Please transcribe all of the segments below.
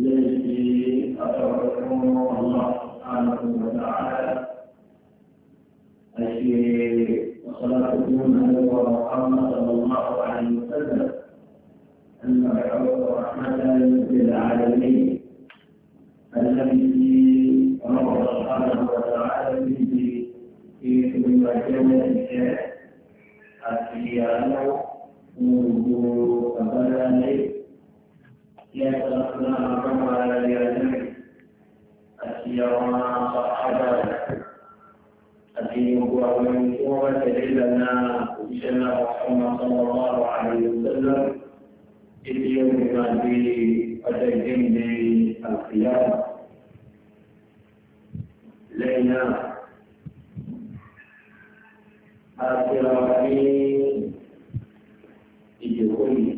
التي أتركمه الله سبحانه وتعالى أشي وصلاة على محمد صلى الله عليه وسلم أن يعود رحمة للعالمين الذي أمر سبحانه وتعالى به في كل مكان شاء أتي له منذ قبل ليل يتلقناكم ولا يدرك أسيرنا صحبا أتيه هو من قوة لنا إشنا محمد صلى الله عليه وسلم إذ يوم ما في أتيهم بالقيامة لينا أسيرنا في إجهولي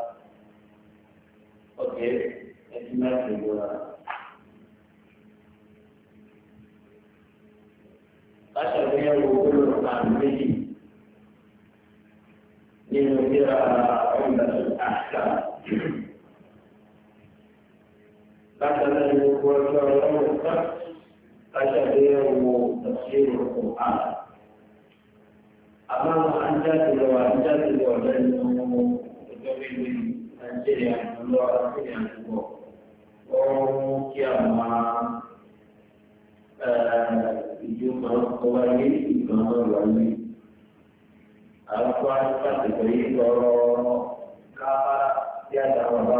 ¿eh? Es una figura. Hasta que yo ocurro a mí, ni me quiera onda su hasta. Hasta que yo ocurro a mí, hasta que yo ocurro a mí. أمام أن تأتي وأن تأتي وأن تأتي ṣe ìrìn àjò lọ àti ìrìn àjò bọ̀ ó mú kí àwọn ìjọba ọkọ̀ wáyé ìgbọ̀nà wáyé àwọn tó wáyé pàtẹ́kọ̀ yìí lọ́rọ́ káfá sí àtàwọn bá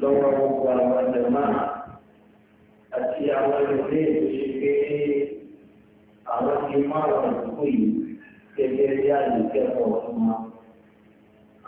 lọ́wọ́ gbogbo àwọn ẹ̀jẹ̀ náà àti àwọn ẹgbẹ́ tó ṣe pé àwọn ti máa wà lóko yìí gẹ́gẹ́ bí àyè kẹ́kọ̀ọ́ fún wa.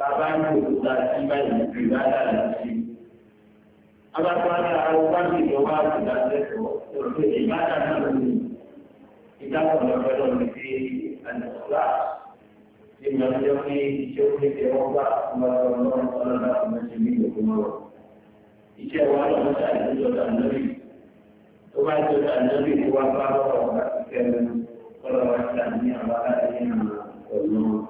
bàbá ní òkúta sí báyìí ìgbàdà láti. Abáfáàdà àwọn bá ti ìjọba àtìgbà lẹ́kọ̀ọ́ lórí ìgbàdà náà lónìí. Ìdáhùn lọ́pẹ́lọ́ ní pé àdìsúlá ti mọ ọjọ́ pé iṣẹ́ ó lékè wọ́n gbà lọ́wọ́ lọ́wọ́ ọlọ́dà ọmọ ti ní ìlú lọ. Iṣẹ́ wa lọ́wọ́ sáà ìlú ọ̀dà lórí. Tó bá ti ọ̀dà lórí kó wá bá lọ́wọ́ ọ̀gá ti kẹ́rin. Kọ́lọ́wọ́ sáà ní àbára ẹ̀yìn àwọn ọ̀nà.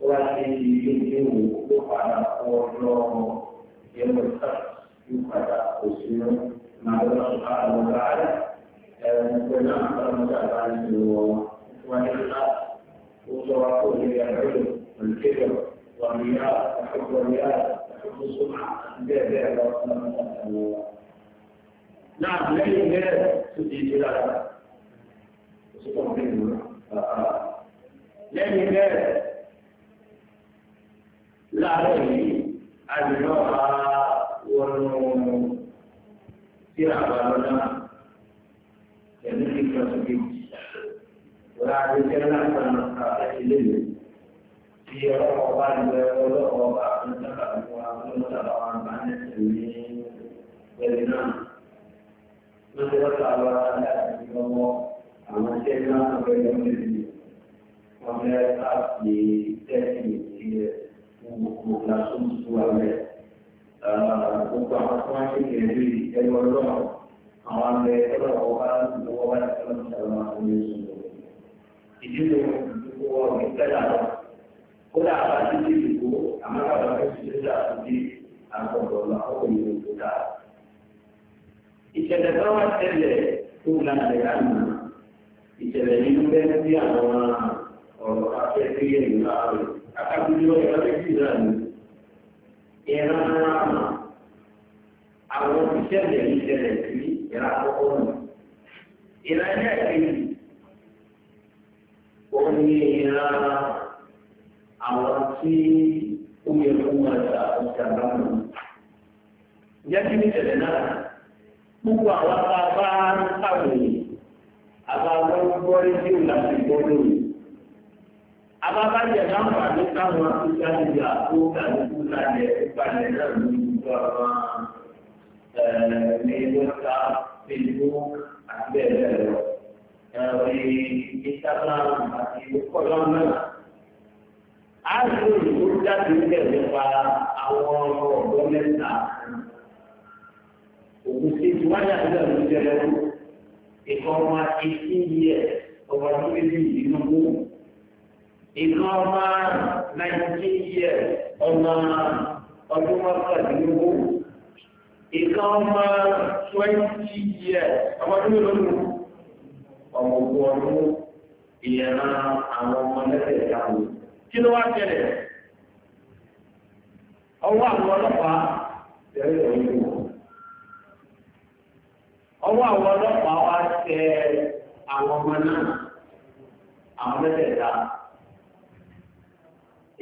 ولكن يجب على قوله يوم الخمس يقال أسلم مع الله سبحانه وتعالى ونعم رمضان عن وإخلاص وصراط العلم والكبر والرياء وحب الرياء وحب السمعة نعم لكن غير سدي جلاله وسكون منه لكن غير láàárín àdìlọ́ha wọnú tí a bá lọ́nà pẹ̀lú kíkọ́ sí kejì. Wọ́n á ti jẹ́ láti ọ̀nà àti léèrè tí ọkọ̀ bá ń bẹ ọlọ́kọ̀ bá ń sábà fún wa tó ń sábà wà bá ń sìn ní pẹ̀lú náà. Wọ́n ti wọ́n sábà wà láti ọmọ àwọn tí ẹgbẹ́ náà ń bẹ lọ́wọ́ ìlú. Wọ́n fẹ́ káàkiri tẹ́sí ìdílé. Ìjẹ̀lẹ̀ tó wá tẹ́lẹ̀ kú náà lè rà nù. Ìjẹ̀lẹ̀ yìí ń bẹ́ sí àwọn ọ̀rọ̀ afẹ́ tí yẹ̀ ní láàárín. àkàbíyọ ìrọ́lẹ́bí náà ni ìran ara mà àwọn ìṣẹ̀lẹ̀ ìṣẹ̀lẹ̀ sí ìran àkọ́kọ́ nù. ìran ẹ̀yà kejì ó ní ìran àwọn tí ó yẹ kó máa ta ọjà lọ́nà. ìjẹ́ kí ní ìṣẹ̀lẹ̀ náà gbogbo àwọn bá bá ń kàwé àbá wọn gbọ́ rédíò abábájẹ náà wà ní káwọn akúgbàlejò àkókò àdúgbò lálẹ́ ìpàdé náà ní ìjọ àwọn ẹẹmẹlọta facebook àti bẹ́ẹ̀ bẹ́ẹ̀ lọ ẹẹ instagram àti kọlọm náà a lè lò jáde bẹ́ẹ̀ nípa àwọn ọ̀dọ́ mẹ́ta òkú sí ìwádìí àti ìlànà ìjẹun ìkọ́ ọmọ eighteen years ọmọ ọdún méjì ìdínlógún. ìlọ́mà nàìjíríà ọmọ ọdún mọ́kàndínlógún ọmọ ọdún mélòó ọmọ ọdún àwọn ọmọ lẹ́sẹ̀ ìdáhùn kí ló wá tẹ̀lé ọwọ́ àwọn ọlọ́pàá tẹ̀lé ìròyìn ọwọ́ àwọn ọlọ́pàá wá àwọn ọmọ náà àwọn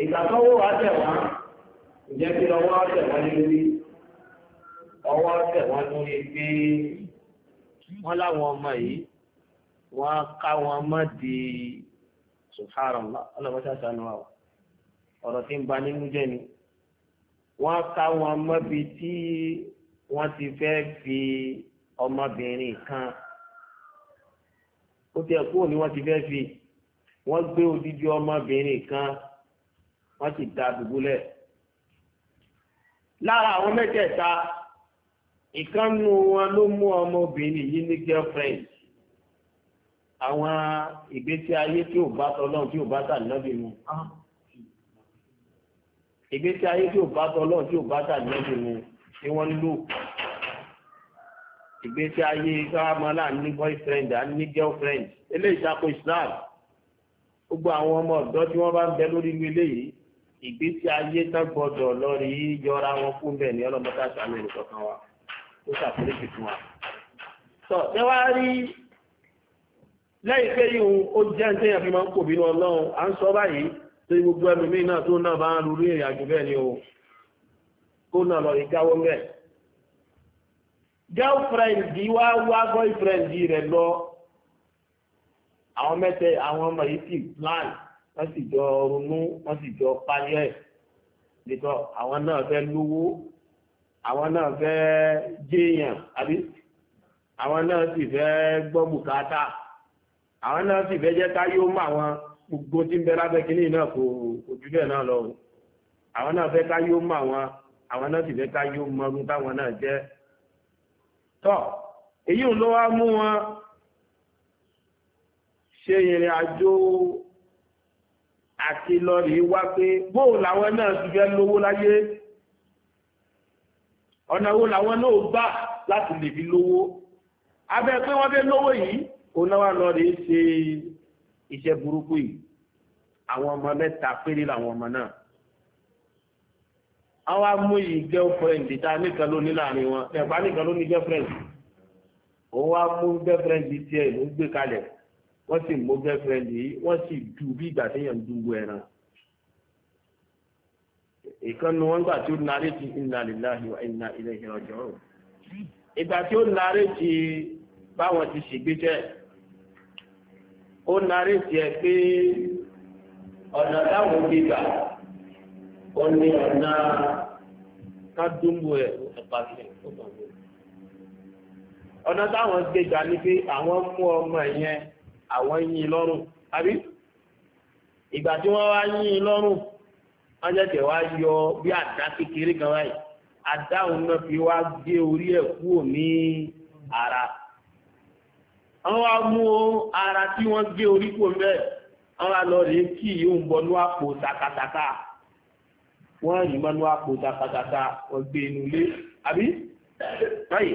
ìgbà tó wò wá tẹ̀ wá ìjẹ́ kí ọwọ́ tẹ̀ wá lórí ọwọ́ tẹ̀ wá lórí pé wọ́n láwọn ọmọ yìí wọ́n ká wọn mọ́ di subhanallah ọlọ́mọṣẹ́ sanu wa ọ̀rọ̀ tí ń ba nínú jẹ́ ni wọ́n ká wọn mọ́ bi ọmọbìnrin kan ó tiẹ̀ kúrò ní wọ́n ti fẹ́ fi wọ́n gbé odidi ọmọbìnrin kan wọ́n sì da dùbúlẹ̀. lára àwọn mẹ́tẹ̀ẹ̀ta ìkànnù wọn ló mú ọmọbìnrin yìí ní girlfriend àwọn ìgbésí ayé tí ò bá tọ́lọ́n tí ò bá tà lọ́bì mu ìgbésí ayé tí ò bá tọ́lọ́n tí ò bá tà lọ́bì mu tí wọ́n lò ìgbésí ayé sọ́wọ́mọ́lá ní boyfriend à ní girlfriend eléyìí tako Islam gbogbo àwọn ọmọ ọ̀dọ́ tí wọ́n bá ń bẹ lórí ilé yìí ìgbésí ayé tán gbọdọ̀ lọ́rí yọra wọn fún bẹ́ẹ̀ ni ọlọ́mọdé àtàmì ìrìkọ̀kan wa ó ṣàforíṣi fún wa. sọ ẹ wá rí lẹ́yìn pé yìí ó jẹ́ ní tẹ́yà fi máa ń kò bínú ọlọ́run à ń sọ báyìí tó gbogbo ẹlòmíì náà tó náà bá ń rú rí ìrìnàjò bẹ́ẹ̀ ni o kó náà lọ rí gáwọ́ mẹ́ẹ̀. girlfriend yìí wá boyfriend yìí lọ àwọn mẹ́tẹ̀ àwọn ọmọ yìí sì plan wọ́n sì jọ ronú wọ́n sì jọ páyọ́ ẹ̀ nìkan àwọn náà fẹ́ lówó àwọn náà fẹ́ jéèyàn àbí àwọn náà sì fẹ́ gbọ́ bùkátà àwọn náà sì fẹ́ jẹ́ káyé ó mọ àwọn gbogbo tí ń bẹ lábẹ́ kínní náà kò ojú bẹ́ẹ̀ náà lọ àwọn náà fẹ́ káyé ó mọ àwọn àwọn náà sì fẹ́ káyé ó mọ ọdún táwọn náà jẹ́ tọ́ èyí ló wá mú wọn ṣe ìrìn àjò àti lọ rí wá pé bóò làwọn náà ti fẹ́ lówó láyé ọ̀nà wo làwọn náà gbà láti lè fi lówó abẹ́ pé wọ́n fẹ́ lówó yìí òun náà wà lọ rí ṣe iṣẹ́ burúkú yìí àwọn ọmọ mẹ́ta péré làwọn ọmọ náà àwọn amú yìí girlfriend ta nìkan ló ní láàrin wọn ẹ̀fà nìkan ló girlfriend òun wá mú girlfriend tiẹ̀ ló gbé kalẹ̀ wọ́n sì mú girlfriend yìí wọ́n sì dù bí ìgbà téèyàn ń dúró ẹran ìkànnì wọn gbà tí ó narí ti inna lillahi wa inna ilayhi raji'un ìgbà tí ó narí ti báwọn ti ṣègbésẹ̀ ó narí ti ẹ pé ọ̀nà táwọn gbígbà ó ní ọ̀nà ká ẹ̀ ọ̀pá sí ọ̀nà táwọn gbígbà ni pé àwọn mú ọmọ yẹn àwọn yìn lọ́rùn àbí ìgbà tí wọ́n wá yìn lọ́rùn wọ́n jẹ́ tẹ̀ wá yọ bí àdá kékeré kan báyìí àdáhùn náà fi wá gé orí ẹ̀ kúrò ní ara wọ́n wá mú ara tí wọ́n gé orí kúrò bẹ́ẹ̀ wọ́n wá lọ rèé kí yóò ń bọnú àpò takataka wọ́n yìí mọ́nú àpò takataka wọ́n gbé inú ilé àbí báyìí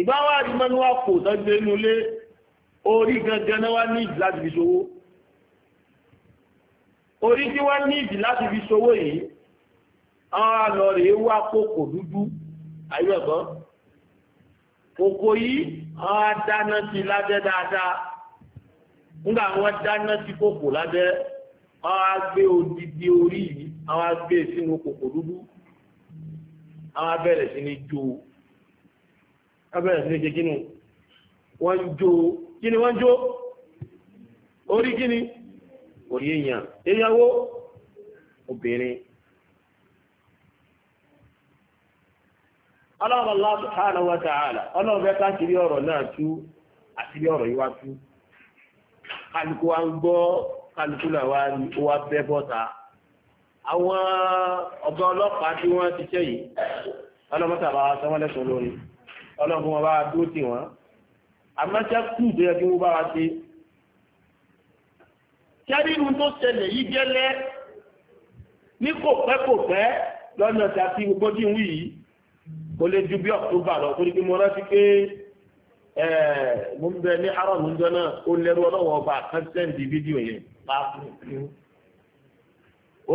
ìbáwá yìí mọ́nú àpò tó gbé inú ilé orí gangan náà wá ní ìdí láti fi ṣòwò orí tí wá ní ìdí láti fi ṣòwò yìí àwọn àlọ́ rèé wá kókò dúdú àyẹ̀kọ́ kòkò yìí àwọn adáná ti lábẹ́ dáadáa nígbà wọn dáná sí kòkò lábẹ́ àwọn agbé odidi orí yìí àwọn agbé e sínú kòkò dúdú àwọn abẹ́rẹ̀ sí ní jó abẹ́rẹ̀ sí ní kékinú wọ́n ń jó kí ni wọ́n jó orí kí ni orí èèyàn èèyàwó obìnrin Allah subhanahu wa ọlọ́ọ̀bẹ́ ká ọ̀rọ̀ náà tú àti ọ̀rọ̀ yìí tú wa ń gbọ́ kálukú náà ní ó bẹ́ bọ́ta àwọn ọlọ́pàá tí wọ́n ti yìí ọlọ́mọ́ta bá àmọ́ṣẹ́ kù tó yẹ kí wọ́n bá wa ṣe kẹ́rìnù tó ṣẹlẹ̀ yìí gẹ́lẹ́ ní kò pẹ́ kò pẹ́ lọ́nà tí a fi gbogbo dín wí yìí kò lè ju bí ọ̀túbà lọ torí pé mo rántí pé mo ń bẹ ní arọ mi jọ náà ó lẹ́rú ọlọ́wọ́ ọba kan fídíò yẹn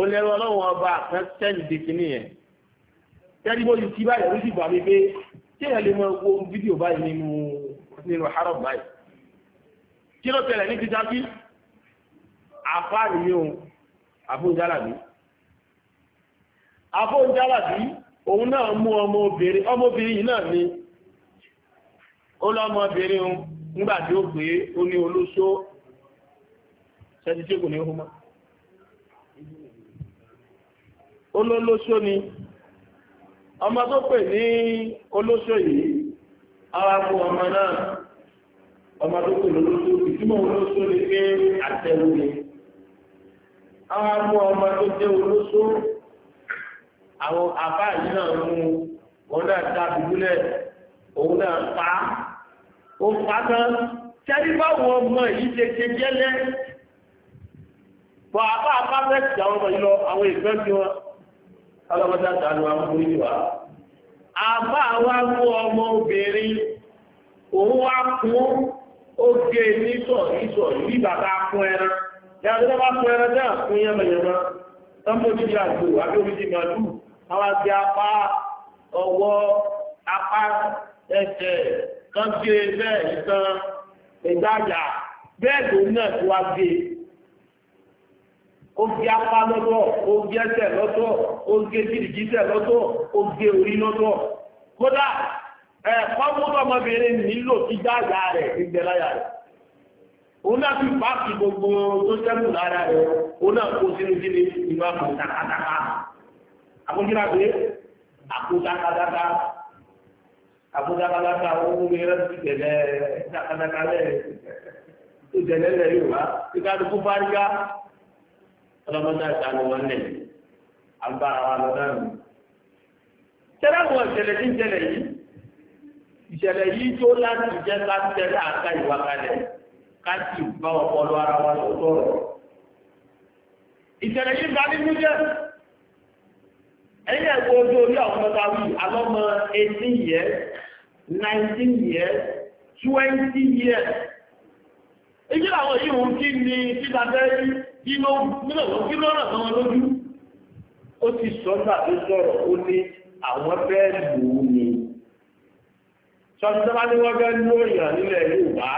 ó lẹ́rú ọlọ́wọ́ ọba kan sẹ́ǹdì kìíní yẹn kẹ́rìnù yìí ti báyìí ó sì bà pé kí èèyàn lè mọ owó fídíò báyìí nínú nínú haram báyìí kí ló tẹ̀lẹ̀ ní ti jákí àfá nìyí ohun àfóúnjálàbí àfóúnjálàbí òun náà mú ọmọ obìnrin ọmọ obìnrin yìí náà ni ó lọ́mọ obìnrin ohun nígbàtí ó pé ó ní olóṣó sẹ́díṣẹ́ ní ó mọ́ ni ọmọ tó pè ní olóṣó yìí awakọ ọmọ náà ọmọ tó kù lóṣù ìtumọ̀ olóṣù ni pé àtẹwúni awakọ ọmọ tó jẹ́ olóṣù àwọn àbá yìí náà mú wọn náà ta àdúgbò òun náà pa á ó pa á tán tẹ́lí báwọn ọmọ yìí ṣe ṣe jẹ́lẹ́ bọ̀ àbá àbá fẹ́ẹ́ ti àwọn ọmọ yìí lọ àwọn ìgbẹ́ sí wọn ọlọ́mọdé àtàlù àwọn orí wa àbá wa mú ọmọ obìnrin òun wá kún oge nítọ̀ nítọ̀ ní bàbá kún ẹran yàrá tó bá kún ẹran náà fún yẹmẹyẹmẹ tọ́mọ́jú yà gbò àbíòmíjì màlúù àwọn àti apá ọwọ́ apá ẹsẹ̀ kan gbé e bẹ́ẹ̀ nìkan ìgbàjà bẹ́ẹ̀ tó náà tó oge apá lọ́tọ̀ oge ẹsẹ̀ lọ́tọ̀ oge jìdìjísẹ̀ lọ́tọ̀ oge orí lọ́tọ̀ kódà ẹ̀kọ́ mọ́tọ̀ ọmọbìnrin nílò ti dáàyà rẹ̀ ìgbẹ̀láyà rẹ̀ òun náà fi pààkì gbogbo tó sẹ́kù lára rẹ̀ òun náà kó sínú sílé ìlú àpò takataka àkójúra pé àpò takataka àpò takataka owó mi rẹ̀ ti tẹ̀lé takataka lẹ̀ tó tẹ̀lé lẹ̀ Yorùbá ìkàdùkú fárígá ọlọ́mọdé àtàlù wọn lẹ̀ agbára wa lọ náà. Tẹ́lá wọn ìṣẹ̀lẹ̀ ní ìṣẹ̀lẹ̀ yìí. Ìṣẹ̀lẹ̀ yìí tó láti jẹ́ ká tẹ́lá àká ìwà kalẹ̀ ká sì bá ọpọlọ ara wa tó tọrọ. Ìṣẹ̀lẹ̀ yìí bá nínú jẹ́. Ẹ̀yìn ẹ̀kọ́ ojú orí àwọn ọmọ ta wí alọ́mọ eighteen years, nineteen years, twenty years. Ìjìlá àwọn yìí ń kí ni kí ta fẹ́ rí kí ló kí ló ràn án lójú ó ti sọ nígbà tó sọ̀rọ̀ ó ní àwọn fẹ́ lù ú ni sọ́dọ́dọ́ ni wọ́n fẹ́ lú èèyàn nílẹ̀ Yorùbá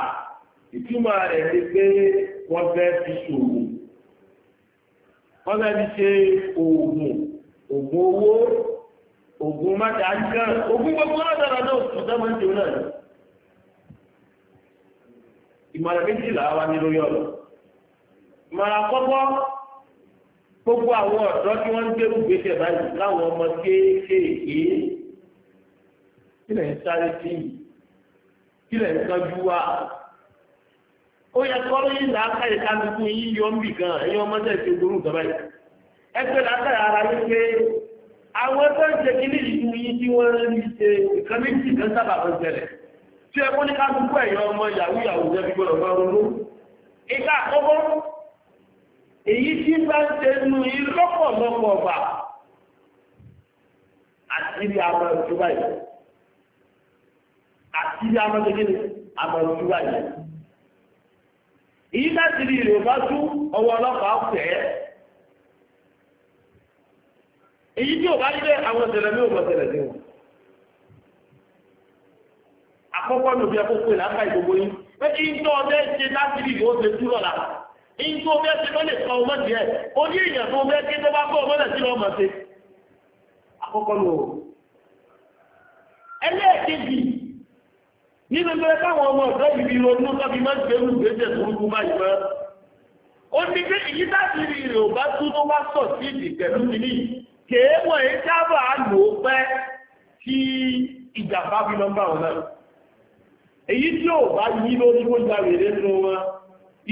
ìtumọ̀ rẹ̀ ni pé wọ́n fẹ́ fi ṣòwò wọ́n fẹ́ fi ṣe oògùn oògùn owó oògùn májàǹkan oògùn gbogbo ọlọ́dọ̀rọ̀ náà sùn sọ́mọ́ ń tèmi náà ìmọ̀ràn méjìlá wa ní lórí ọ̀rọ̀ màá kọ́kọ́ gbogbo àwọn ọ̀dọ́ tí wọ́n ń gbé gbèsè báyìí láwọn ọmọ kéékèèké kílẹ̀ ń sáré sí i kílẹ̀ ń tọ́jú wa ó yẹ kọ́ lóyún làákàyè kálukú yín yọ ń bì gan ẹ̀yin ọmọ tẹ̀ ṣe gbóró gàbá yìí ẹgbẹ́ làákàyè ara yín pé àwọn ẹgbẹ́ ń ṣe kíní ìlú yín tí wọ́n ń ṣe ìkan méjì kan sábà ń ṣẹlẹ̀ tí ẹ kó ní kálukú ẹ̀yin ọmọ yahoo yahoo èyí tí bá ń tẹnu yìí lọ́pọ̀lọpọ̀ ọ̀bà àti ibi àwọn ìjọba yìí àti ibi àwọn kékeré àwọn ìjọba yìí èyí láti rí ìrè bá tú ọwọ́ ọlọ́pàá fẹ́ èyí tí ò bá jẹ́ àwọn ìṣẹ̀lẹ̀ mi ò mọ̀ ìṣẹ̀lẹ̀ sí wọn àkọ́kọ́ nù bí akókò ìlànà ìgbogbo yìí pé kí n tọ́ ọ bẹ́ẹ̀ ṣe láti rí ìrè ó ṣe túrọ̀ làwọn in tó bẹ́ẹ̀ ti lọ́lẹ̀ sọ ọmọ sí ẹ̀ ó ní èèyàn tó bẹ́ẹ̀ kí tó bá kọ́ ọmọ sí lọ́mọ sí àkọ́kọ́ lò ẹlẹ́ẹ̀kejì nínú pé káwọn ọmọ ọ̀dọ́ ibi ronú tọ́bi máa ń gbẹ̀rù gbẹ̀jẹ̀ tó rúkú báyìí mọ́ ó ní pé èyí láti rí rẹ̀ ò bá tún tó wá sọ̀ sí ìdì pẹ̀lú mi ní kéèwọ̀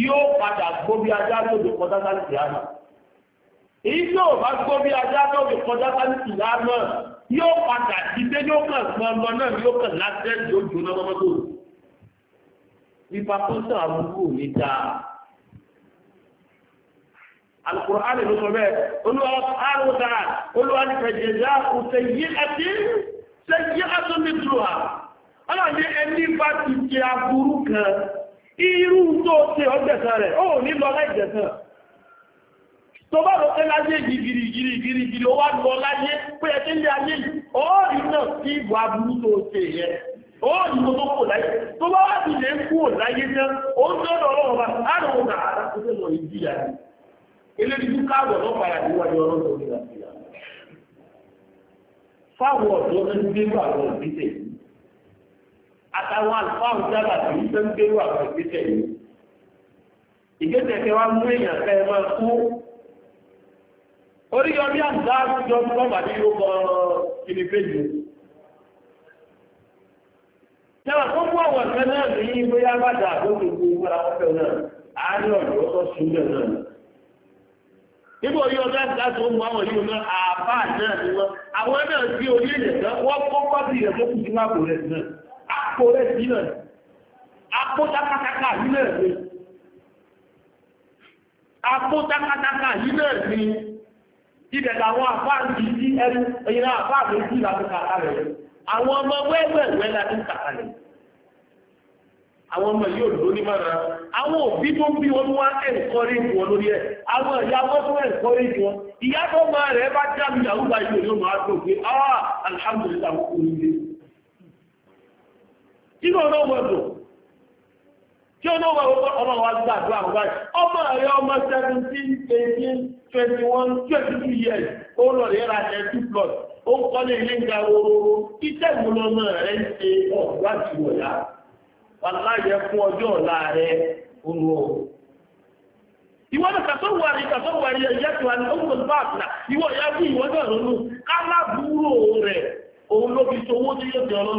yóò padà gbó bí ajá lóde kọjá sáré tìyàmà èyí tí ò bá gbó bí ajá lóde kọjá sáré tìyàmà yóò padà dídé yóò kàn gbọngbọn náà yóò kàn láti ẹni yóò jóná lọ́mọdé nípa tó sàn àbúrò mi dáa alukur'ani ló sọ bẹ́ẹ̀ olúwa ọ̀hánwó dáa olúwa ní fẹ̀jẹ̀dá òsè yí àti sẹ́yí àtúndì tùrọ̀ ọ̀nà ní ẹni bá ti jẹ aburú kan. irú tó ṣe ọgbẹ̀sán rẹ̀ ó ní lọ láìjẹ̀sán tó bá rọ̀ láyé gìrì gìrì gìrì gìrì ó wá lọ láyé pé ẹ̀kẹ́ ilé ayé ọ̀rí náà sí ìwà burú tó ṣe yẹ ọ̀rí tó kò láyé tó bá wá sí lè kú láyé náà ó ń tó lọ lọ́wọ́ láàrín òun àwọn àlùfáàmù jábà tí ń tó ń gbérú àwọn ìgbésẹ̀ yìí ìgbésẹ̀ kí wọ́n mú èèyàn fẹ́ máa kú orí ọdí àgbà àjọ tó bà ní yóò kọ́ kìnnì péjì náà tó mú àwọn ẹ̀fẹ́ náà ní bóyá bàjá àgbókò gbogbo ara wọn fẹ́ náà àárín ọ̀dọ́ tó súnjẹ náà níbo yóò dá ìdá tó mú àwọn yóò náà àbá náà ni wọn àwọn náà sí orí ilẹ̀ náà wọ́n kọ́kọ́ àpò rẹ̀ sí náà àpò tákàtàkà yìí náà ni àpò tákàtàkà yìí náà ni ibẹ̀ làwọn àfáàrí yìí ẹnu ẹ̀yìn náà àfáàrí yìí láti kàkà rẹ̀ àwọn ọmọ wẹ́wẹ̀wẹ́ láti kàkà rẹ̀ àwọn ọmọ yóò lò ní mọ́ra àwọn òbí tó ń bí wọn wá ẹ̀kọ́rí wọn lórí ẹ̀ àwọn ìyá wọn tó ẹ̀kọ́rí wọn ìyá tó máa rẹ̀ bá jáde àwọn ìgbà yìí ló máa tó gbé ah alhamdulilayi àwọn òun kí ló náà wọ́n bò kí ọ̀nà wà wọ́n ọmọ ọmụ gbà ọmụ ọmọ rẹ̀ ọmọ seventeen eighteen twenty one twenty two years ó lọ rẹ̀ ra ẹ̀ two plus ó ń ilé ń ga rororo rẹ̀ ń ṣe fún ọjọ́ ọ̀la rẹ̀ tí wà ní ya bí ìwọ́n náà lọ́nu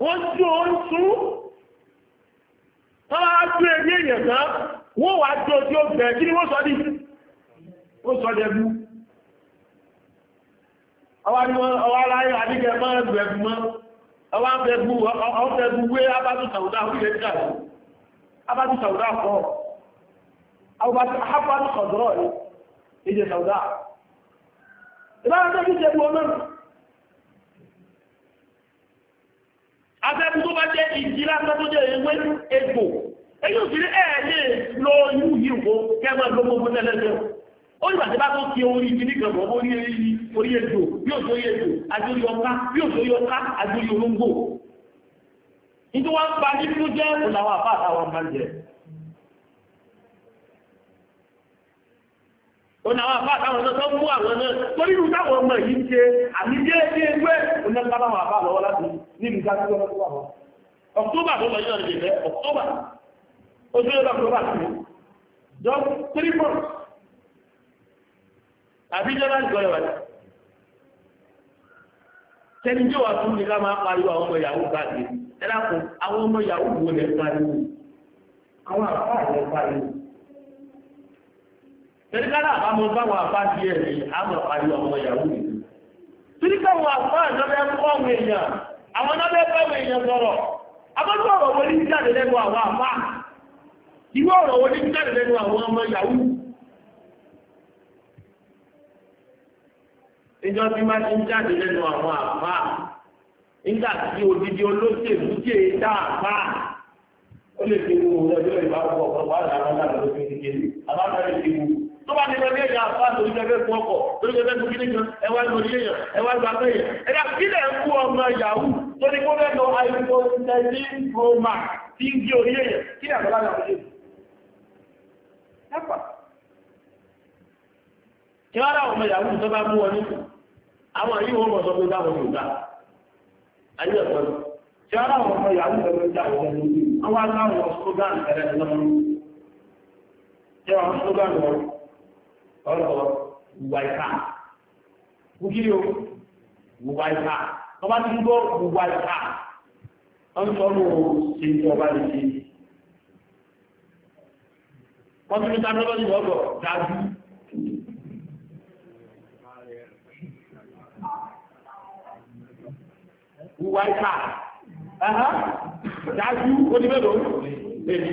wọ́n jó ń sún wọ́n á jó ẹ̀rí èèyàn náà wọ́n wà jó tí ó bẹ̀ kí ni wọ́n sọ ní wọ́n sọ dẹ̀bú ọwá láyé àdígẹ̀ máa bẹ̀bù mọ́ ọwá bẹ̀bù wé abátú sàúdá fúlé jà abátú sàúdá kọ́ abátú sàúdá ìjẹ sàúdá ìbára tẹ́bí tẹ́bí afẹ́kù tó bá jẹ́ ìjì lásán tó jẹ́ ewé egbò èyí ò sí ní ẹ̀ẹ́lẹ́ lọ inú yìí kó kẹ́mọ́ ló gbogbo tẹ́lẹ́sẹ̀ ó yìí bàtí bá tó fi orí ibi ní gbẹ̀gbọ̀ orí orí ejò yóò tó yẹ ejò àjòyè ọ̀ká yóò òun àwọn àbá àtàwọn náà tó ń mú àwọn náà torí irú táwọn ọmọ yìí ń ṣe àmì déédéé ẹgbẹ́ òun náà bá àwọn àbá lọ́wọ́ láti níbi ìjà tó lọ́wọ́ àwọn. ọ̀któbà tó lọ yíyan lè fẹ́ ọ̀któbà oṣù yóò lọ́kọ̀ọ́bà sí i jọ tírí pọ̀ àbí jọba ń gbọ́dọ̀ wáyé. sẹ́ni jẹ́ wàá fún mi ká máa pariwo àwọn ọmọ yahoo tẹ̀lifára àbámọ́ báwọn àbá díẹ̀ ní àmọ̀ parí ọmọ ìyàwó nìyí tìrìkàwọ̀ àpá àwọn ọ̀rọ̀ ní jáde lẹ́nu àwọn àpá ọ̀rọ̀ ní jáde lẹ́nu àwọn ọmọ ìjọ máa ń jáde lẹ́nu àwọn àpá tí olóṣèlú dá àpá ó lè fi ọjọ́ ìbáwọ̀ tó bá ní ẹgbẹ́ ẹ̀yà àpá tó ní ẹgbẹ́ fún ọkọ̀ tó ní ẹgbẹ́ fún kíní kan ẹwà ìlú ilé ẹwà ìgbà pé yẹn ẹ̀dá kílẹ̀ ń kú ọmọ yahoo tó ní kó lọ iphone thirteen pro tí ń di orí yẹn kílẹ̀ wọ́n ráwọ̀ ọmọ yahoo tó bá wọ́n mọ̀ sọ pé ọ̀rọ̀ ìwà ìka kúkiri o ìwà ìka ọba ti ń gbọ́ ìwà ìka wọ́n sọ ọ́ ṣe ń ọba lè ṣe wọ́n tún ní sáfẹ́lọ́sì lọ́gbọ̀ dájú ìwà ìka dájú oníbẹ̀rẹ̀ òun lè ní.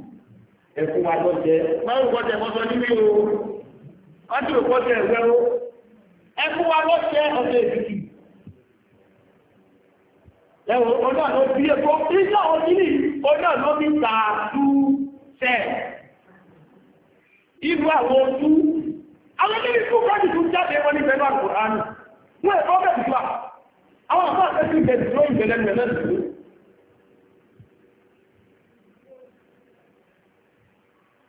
ẹ̀fún wa lọ́jẹ́. Máa ń gbọ́dẹ̀ mọ́tọ́ nílé o. Wọ́n ti rò gbọ́dẹ̀ ẹ̀wẹ́ o. Ẹ̀fún wa lọ́jẹ́ ọ̀dẹ̀ èkìtì. Ẹ̀wọ̀n ọ̀nà ló bí ẹ̀kọ́. Iṣẹ́ àwọn nílì ọ̀nà ló bí tààtú tẹ̀. Ìlú àwọn ojú. Àwọn nílì tó kọ́ nìtú jáde wọn ní pẹ̀lú àkùránù. Wọ́n ẹ̀kọ́ bẹ̀rù wà. Àwọn àbá àfẹ́sí ìbẹ̀rù tó ìbẹ̀rù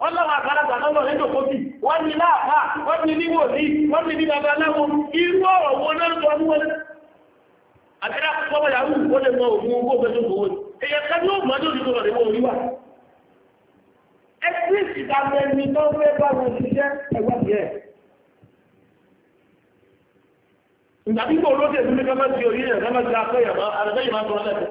wọ́n lọ́wọ́ àgbàlagbà lọ́lọ́ lẹ́jọ́ kóbì wọ́n ní láàpá wọ́n ní níwò ní wọ́n ní ní bàbá aláwọ̀ irú ọ̀rọ̀ wọn náà sọ ní wọn. àtẹ́rà pọ́pọ́ yàrá ó lè mọ ògùn owó gbẹ́jọ́ gbowó èyẹ ká ní òògùn ọjọ́ òdìdó rẹ̀ wọ́n orí wa. ẹgbẹ́sì ta mẹ́ni tó ń fẹ́ bá wọn ṣiṣẹ́ ẹ̀wá yẹ. ìgbà tí kò lóde ìlú mi ká má ti orí rẹ̀ ká má ti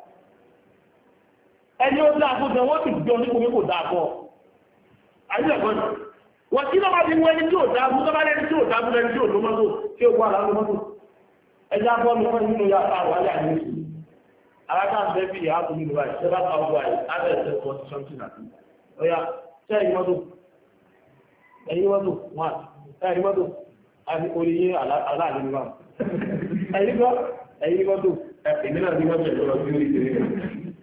ẹni ó dáa fún gan wọ́n ti gbé onípo mi kò dáa fọ́ àyílẹ̀ kan ní wọ́n tí lọ́ba ti mú ẹni tí ò dáa fún lọ́ba lẹ́ni tí ò dáa fún lẹ́ni tí ò ló mọ́tò tí ó wà láwọn ló mọ́tò ẹja bọ́ mi fún nínú yàtọ̀ àwọn alẹ́ àyè oṣù alága bẹ́ẹ̀ fi ìyá àbúrò mi báyìí ṣẹba ká ọgbà yìí abẹ́ ẹ̀sẹ̀ fọ́ ti sọ́ńtì nà ọ̀yà sẹ́yìn mọ́tò ẹ̀yìn mọ́tò wọn ẹ̀yìn mọ́tò àti orí yé aláàlú mi wà ẹ̀yìn mọ́tò ẹ̀yìn mọ́tò ẹ̀mí náà ní mọ́tò ẹ̀jọ̀ lọ rẹ̀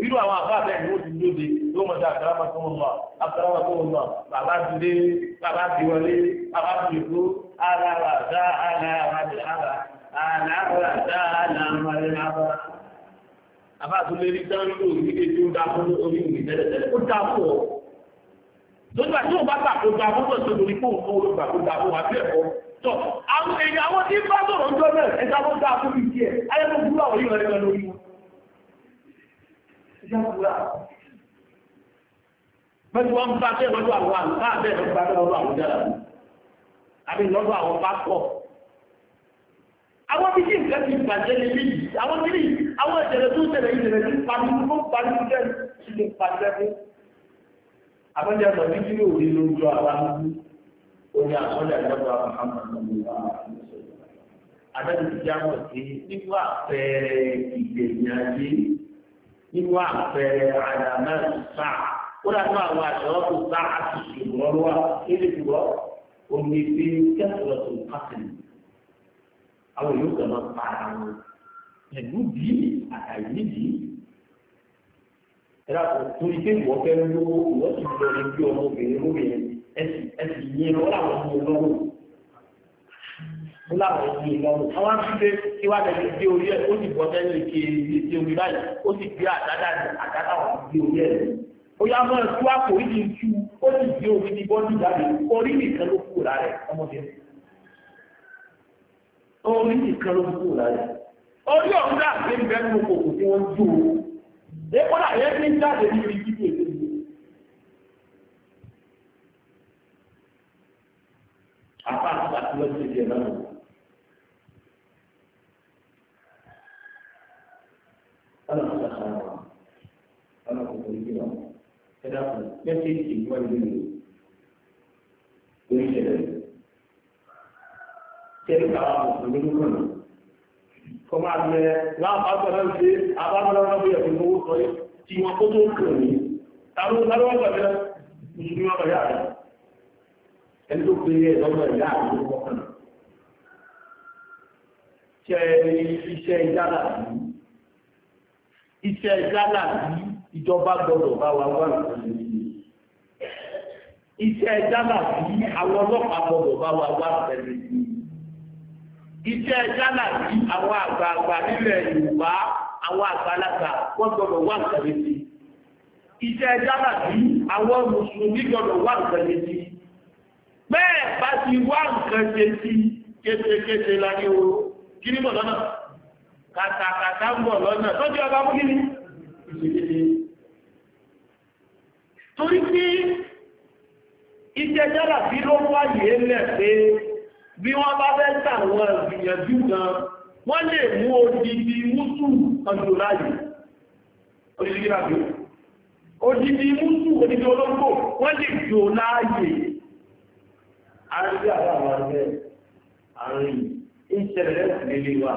irú àwọn àbá bẹ́ẹ̀ ni ó ti lóde ló mọ̀ sí àkàràmà tó ń lọ àkàràmà tó ń lọ bàbá ti dé bàbá ti wọlé bàbá ti kú ara wà dá ara àmàlẹ̀ ara ara wà dá ara àmàlẹ̀ ara. àbá tó lé ní sáńdò ní ètò ìdáko orí ìwé tẹ́lẹ̀tẹ́lẹ̀ ó dá fún ọ. lójú àti òun bá gbà kó dá fún ọ̀sẹ̀ lórí kó òun ló gbà kó dá fún wa bí ẹ̀kọ́. tọ́ àwọn èèyàn àwọn tí bá sọ̀rọ̀ ń jọ náà ẹ̀ yàgùrà pẹ̀lú wọn bá bẹ́ẹ̀ lọ́dọ̀ àwọn àlùkà bẹ́ẹ̀ lọ́dọ̀ bá bẹ́ẹ̀ lọ́dọ̀ àwọn dára àbí lọ́dọ̀ àwọn bá pọ̀. àwọn bíi nǹkan ti bàjẹ́ ní bí àwọn bíi àwọn ìṣẹ̀lẹ̀ tó ṣẹlẹ̀ ìṣẹ̀lẹ̀ tó parí tó parí jẹ́ ìṣẹ̀lẹ̀ pàṣẹ fún. àbájá lọ bí kíló òní ló ń nínú àpẹẹrẹ àdàmẹ sáà ó dàtú àwọn àṣọwọ́ tó sáà ti ṣùgbọ́n wá kéde jùlọ omi fi kẹsàn-án tó pàṣẹ àwọn yóò kàn máa pa ara wọn pẹ̀lú bí àtàyè yìí ẹ̀rọ torí pé ìwọ fẹ́ lówó ìwọ lọ ní bí ọmọbìnrin lórí ẹ̀ ẹ̀sì yẹn lọ́wọ́ láwọn ìlú ìlọrin àwọn àfihàn tí wàá tẹ̀lé dé orí ẹ̀ ó sì bọ́ sẹ́yìn ìké ìdí omi báyìí ó sì gbé àdáda àdáda wọn dé orí ẹ̀ ó yá mọ́ ẹ̀kú àpò ìdí ìtú ó sì gbé omi ní bọ́ọ̀lù jáde orí nìkan ló kúrò rárẹ̀ ọmọdé orí nìkan ló kúrò o èèpọ̀ náà yẹ kí ọlọ́run ṣàṣà wà ọlọ́run kò ní bí wọn ẹ dákun mẹ́tẹ́ẹ̀tì wọ́n ní ìlú oríṣiríṣi tẹ́lẹ̀ káwọn mùsùlùmí ló kàn náà kọ́ máa bẹ láàbàgbà náà ṣe àbámọ́lá náà bí ẹ̀fọ́ owó sọ tí wọn kó tó kàn ẹni tó pe ẹ̀dọ́gbọ̀n ìyá àti ìwọ́kàn náà ṣe iṣẹ́ ìdára yìí iṣẹ́ jálà bí ìjọba gbọdọ̀ bá wa wà iṣẹ́ jálà bí àwọn ọlọ́pàá gbọdọ̀ bá wa wà pẹ̀lú iṣẹ́ jálà bí àwọn àgbààgbà nílẹ̀ Yorùbá àwọn àgbàlagbà wọ́n gbọdọ̀ wà pẹ̀lú iṣẹ́ jálà bí àwọn mùsùlùmí gbọdọ̀ wà pẹ̀lú bẹ́ẹ̀ bá ti wá nǹkan ṣe sí kéṣekéṣe láyé o kí ní mọ̀ lọ́nà kàtàkàtà ń bọ̀ lọ́nà tọ́jú ọba fún kíni torí pé iṣẹ́ dára bí ló wáyé lẹ̀ pé bí wọ́n bá fẹ́ tàwọn ìgbìyànjú gan wọ́n lè mú odidi mútù ọjọ́ láyé odidi rábí odidi mútù odidi olóńgbò wọ́n lè jò láyé àrídí àwọn àwọn ẹgbẹ́ àárín ìṣẹ̀lẹ̀ lẹ́sìn lélẹ́wàá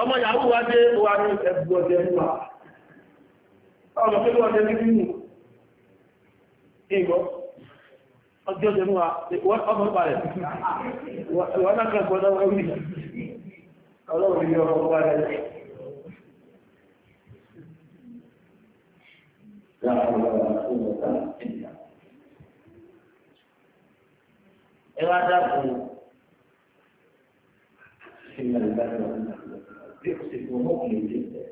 ọmọ ìyàwó wá dé wà ní ẹ̀bù ọ̀dẹ̀ mú wa ọmọ pẹ̀lú ọ̀dẹ̀ ní mímú ìgbọ́ ọjọ́ ọ̀dẹ̀ mú wa ọmọ ìpa rẹ̀ wọ́n náà kan gbọ́dọ̀ wọ́n rí ọlọ́run ní ọmọ ìpa rẹ̀ Ẹwà dákùn ìmọ̀ ìgbàlódé. يفسد مؤلم جدا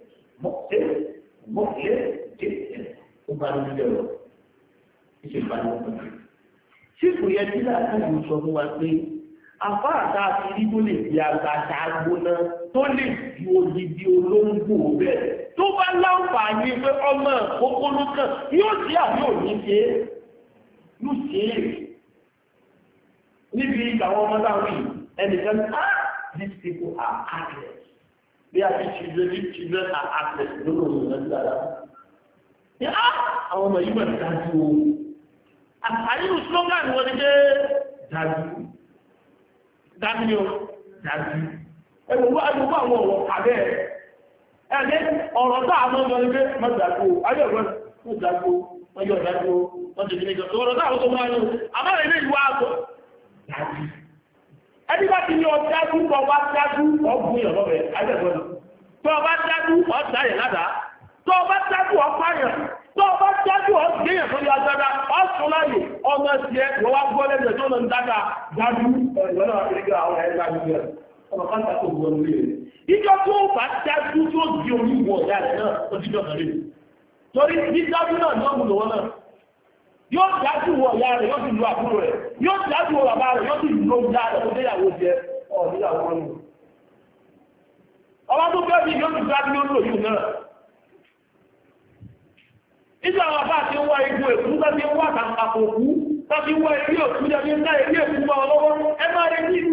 مؤلم مؤلم جدا وبعد كده يصير بعد sípò yẹn tí láàrín sọ fún wa pé afáàtà àti igbó lè fi àgbàtà agbóná tó lè di odidi olóńgbò bẹ́ẹ̀ tó bá láǹfààní pé ọmọ òkókó ló kàn yóò sí àbí òní ṣe é yóò ṣe é níbi ìgbà àwọn ọmọ táwọn ẹnìkan ah these people are accurate They are the children, these children are actors. No, no, no, not like that. They are àwọn ọmọ yìí wọ̀n dájú o. Àríwú slogan wọ́n ní pé dájú. Dájú o, dájú. Ẹgbùgbọ́ ẹgbùgbọ́ àwọn ọ̀wọ̀ abẹ́ ẹ̀. Ẹgbẹ́ ọ̀rọ̀ tó àwọn ọmọ ní pé mọ́ dájú ayé ọ̀rọ̀ mọ́ dájú wọ́n yọ̀ dájú wọ́n ti ẹni bá ti ní ọ̀dájú kọ bá dájú ọ̀gbìn ọ̀rọ̀ rẹ̀ ajẹ́gbọ́n tó ọba dájú ọ̀dá yẹn ládàá tó ọba dájú ọ̀pá yẹn tó ọba dájú ọ̀gbìyàn tó yà dáadáa ọ̀sùn láyè ọmọ ẹsì ẹ wọ́n wá gbọ́ lẹ́nu tó lọ ń dáadáa dájú ìjọ tó bá dájú tó di orí wọ̀ ọ̀dà rẹ̀ náà ó ti dọ̀ yóò si wọ ìyá rẹ̀ yóò sì lu àbúrò rẹ̀ yóò si wọ bàbá rẹ̀ yóò sì lu ìyá rẹ̀ tó déyàwó jẹ ọ̀díyàwó rẹ̀ ọba tó fẹ́ bí yóò sì dájú yóò lò náà ìjọ àwọn ti wá igun èkú ti wá ti wá ilé òkú jẹ́ ilé èkú bá ẹ máa rẹ ní ìlú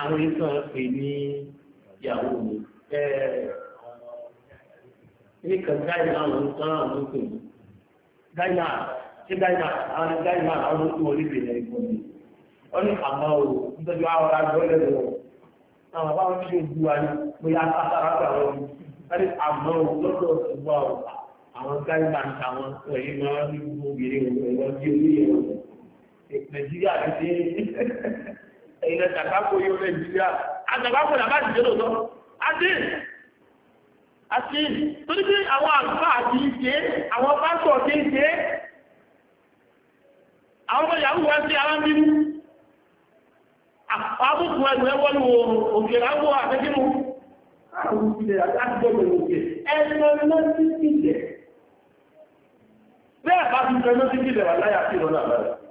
àwọn ìsọ̀ pè ní ìyàwó mi ní kan dáìmà àwọn ìsọ̀ àwọn ìsọ̀ mi dáìmà ṣé dáìmà àwọn dáìmà àwọn ìsọ̀ orí bèèrè ìbò mi wọ́n ní àmọ́ o nítorí àwọn aráàlú ọ̀lẹ́ lọ àwọn bá wọn ṣe ojú wa ní pé a sára gbà wọn ni ní àmọ́ o lọ́dọ̀ ìgbà o àwọn dáìmà ń ta wọn wọ̀nyí máa ń ní gbogbo obìnrin òun ẹ̀rọ bí orí ẹ̀rọ Nàìjíríà ti ṣe é ẹ̀yìn náà tàbákò yóò nàìjíríà àtàbákò làbá ti jẹ́lò lọ adé àti torí pé àwọn àgbà àti ìṣe àwọn pásọ̀ ti ń ṣe àwọn ọmọ yahoo wá sí ara nínú àwọn abúkùn wọ́n bẹ́ẹ̀ bá ti jẹ́ lọ́sí ìlẹ̀ wà láyà lọ́nà àbáyà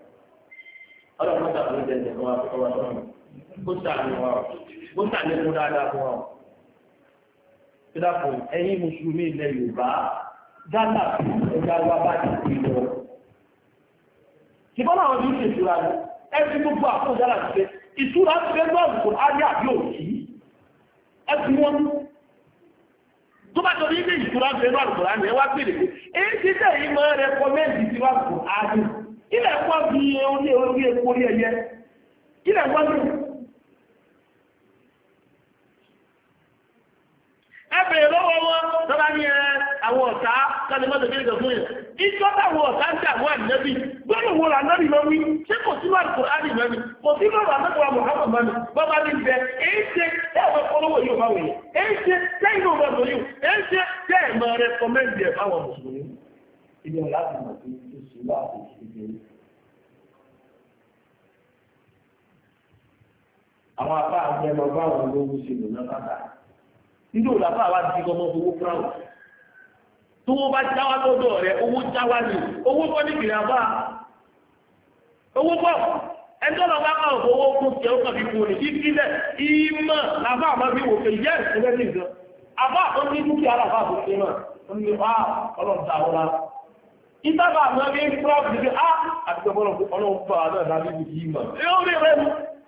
ọlọ́run mọ́ta ló ń jẹ ìjẹ̀kọ́ wa fún wa sọ́run kó sàánú wa kó sàánú fún dáadáa fún wa. Sídàpọ̀ ẹ̀yin Mùsùlùmí ilẹ̀ Yorùbá Ghana ẹja wa bá ti di lọ. Ṣùgbọ́n àwọn ọdún ṣe ìtura ni ẹbí gbogbo àkókò Ghana ti fẹ́. Ìtura ti fẹ́ gbọ́ òkú ayé àbí òkì. Ẹ fi tó bá tọ́ ní ilé ìtura ti fẹ́ gbọ́ òkú ayé wá pèrè. Èyí ti dẹ̀ yìí máa rẹ ilẹ̀ ẹ̀kọ́ bí orí orí epo orí ẹyẹ ilẹ̀ ẹ̀kọ́ bí ẹbẹ̀ lọ́wọ́ wọn tọ́lá ní ẹ àwọn ọ̀tá kọ́ni mọ́tò kí nìkan fún yẹn ìjọ táwọn ọ̀tá ń dààmú ànábì gbọ́dọ̀ wo lànábì lọ wí ṣé kò sí lọ́rùn kòránì mẹ́rin kò sí lọ́rùn ànábì wa mọ̀hámà mẹ́rin bọ́bá ní bẹ èyí ṣe tẹ́ ẹ̀mọ́ polówó yóò bá wòye èyí ṣe tẹ́ ìlú ọmọ ọmọ yóò èyí ṣe tẹ́ ẹ̀mọ́ rẹ kọ́mẹ́ǹdì ẹ̀ báwọn mùsùlùmí ilé ọ̀la ti mọ̀ sí oṣù láti àwọn apá àti ẹlọ bá wọn lówó ṣe lò náà bàbá nígbà wo làbá wa di ọmọ owó fúláwọ tó wọ́n bá jáwá lọ́dọ̀ rẹ̀ owó jáwá ni owó kọ́ ní ìrìn àbá owó pọ̀ ẹjọ́ lọ bá bá ọ̀pọ̀ owó kún tí ó kàn fi kún ní ìpínlẹ̀ ìmọ̀ làbá àmọ́ bí wò pé yẹ́ ìpínlẹ̀ ní ìjọ àbá àwọn ní dúkìá làbá àbò ṣe náà ó ní wá ọlọ́ọ̀ta ọlá ìtàbà àmọ́ bí fúláwọ̀ ti fi á àti ọlọ́ọ̀ta ọlọ́ọ̀ta náà lábí ìmọ̀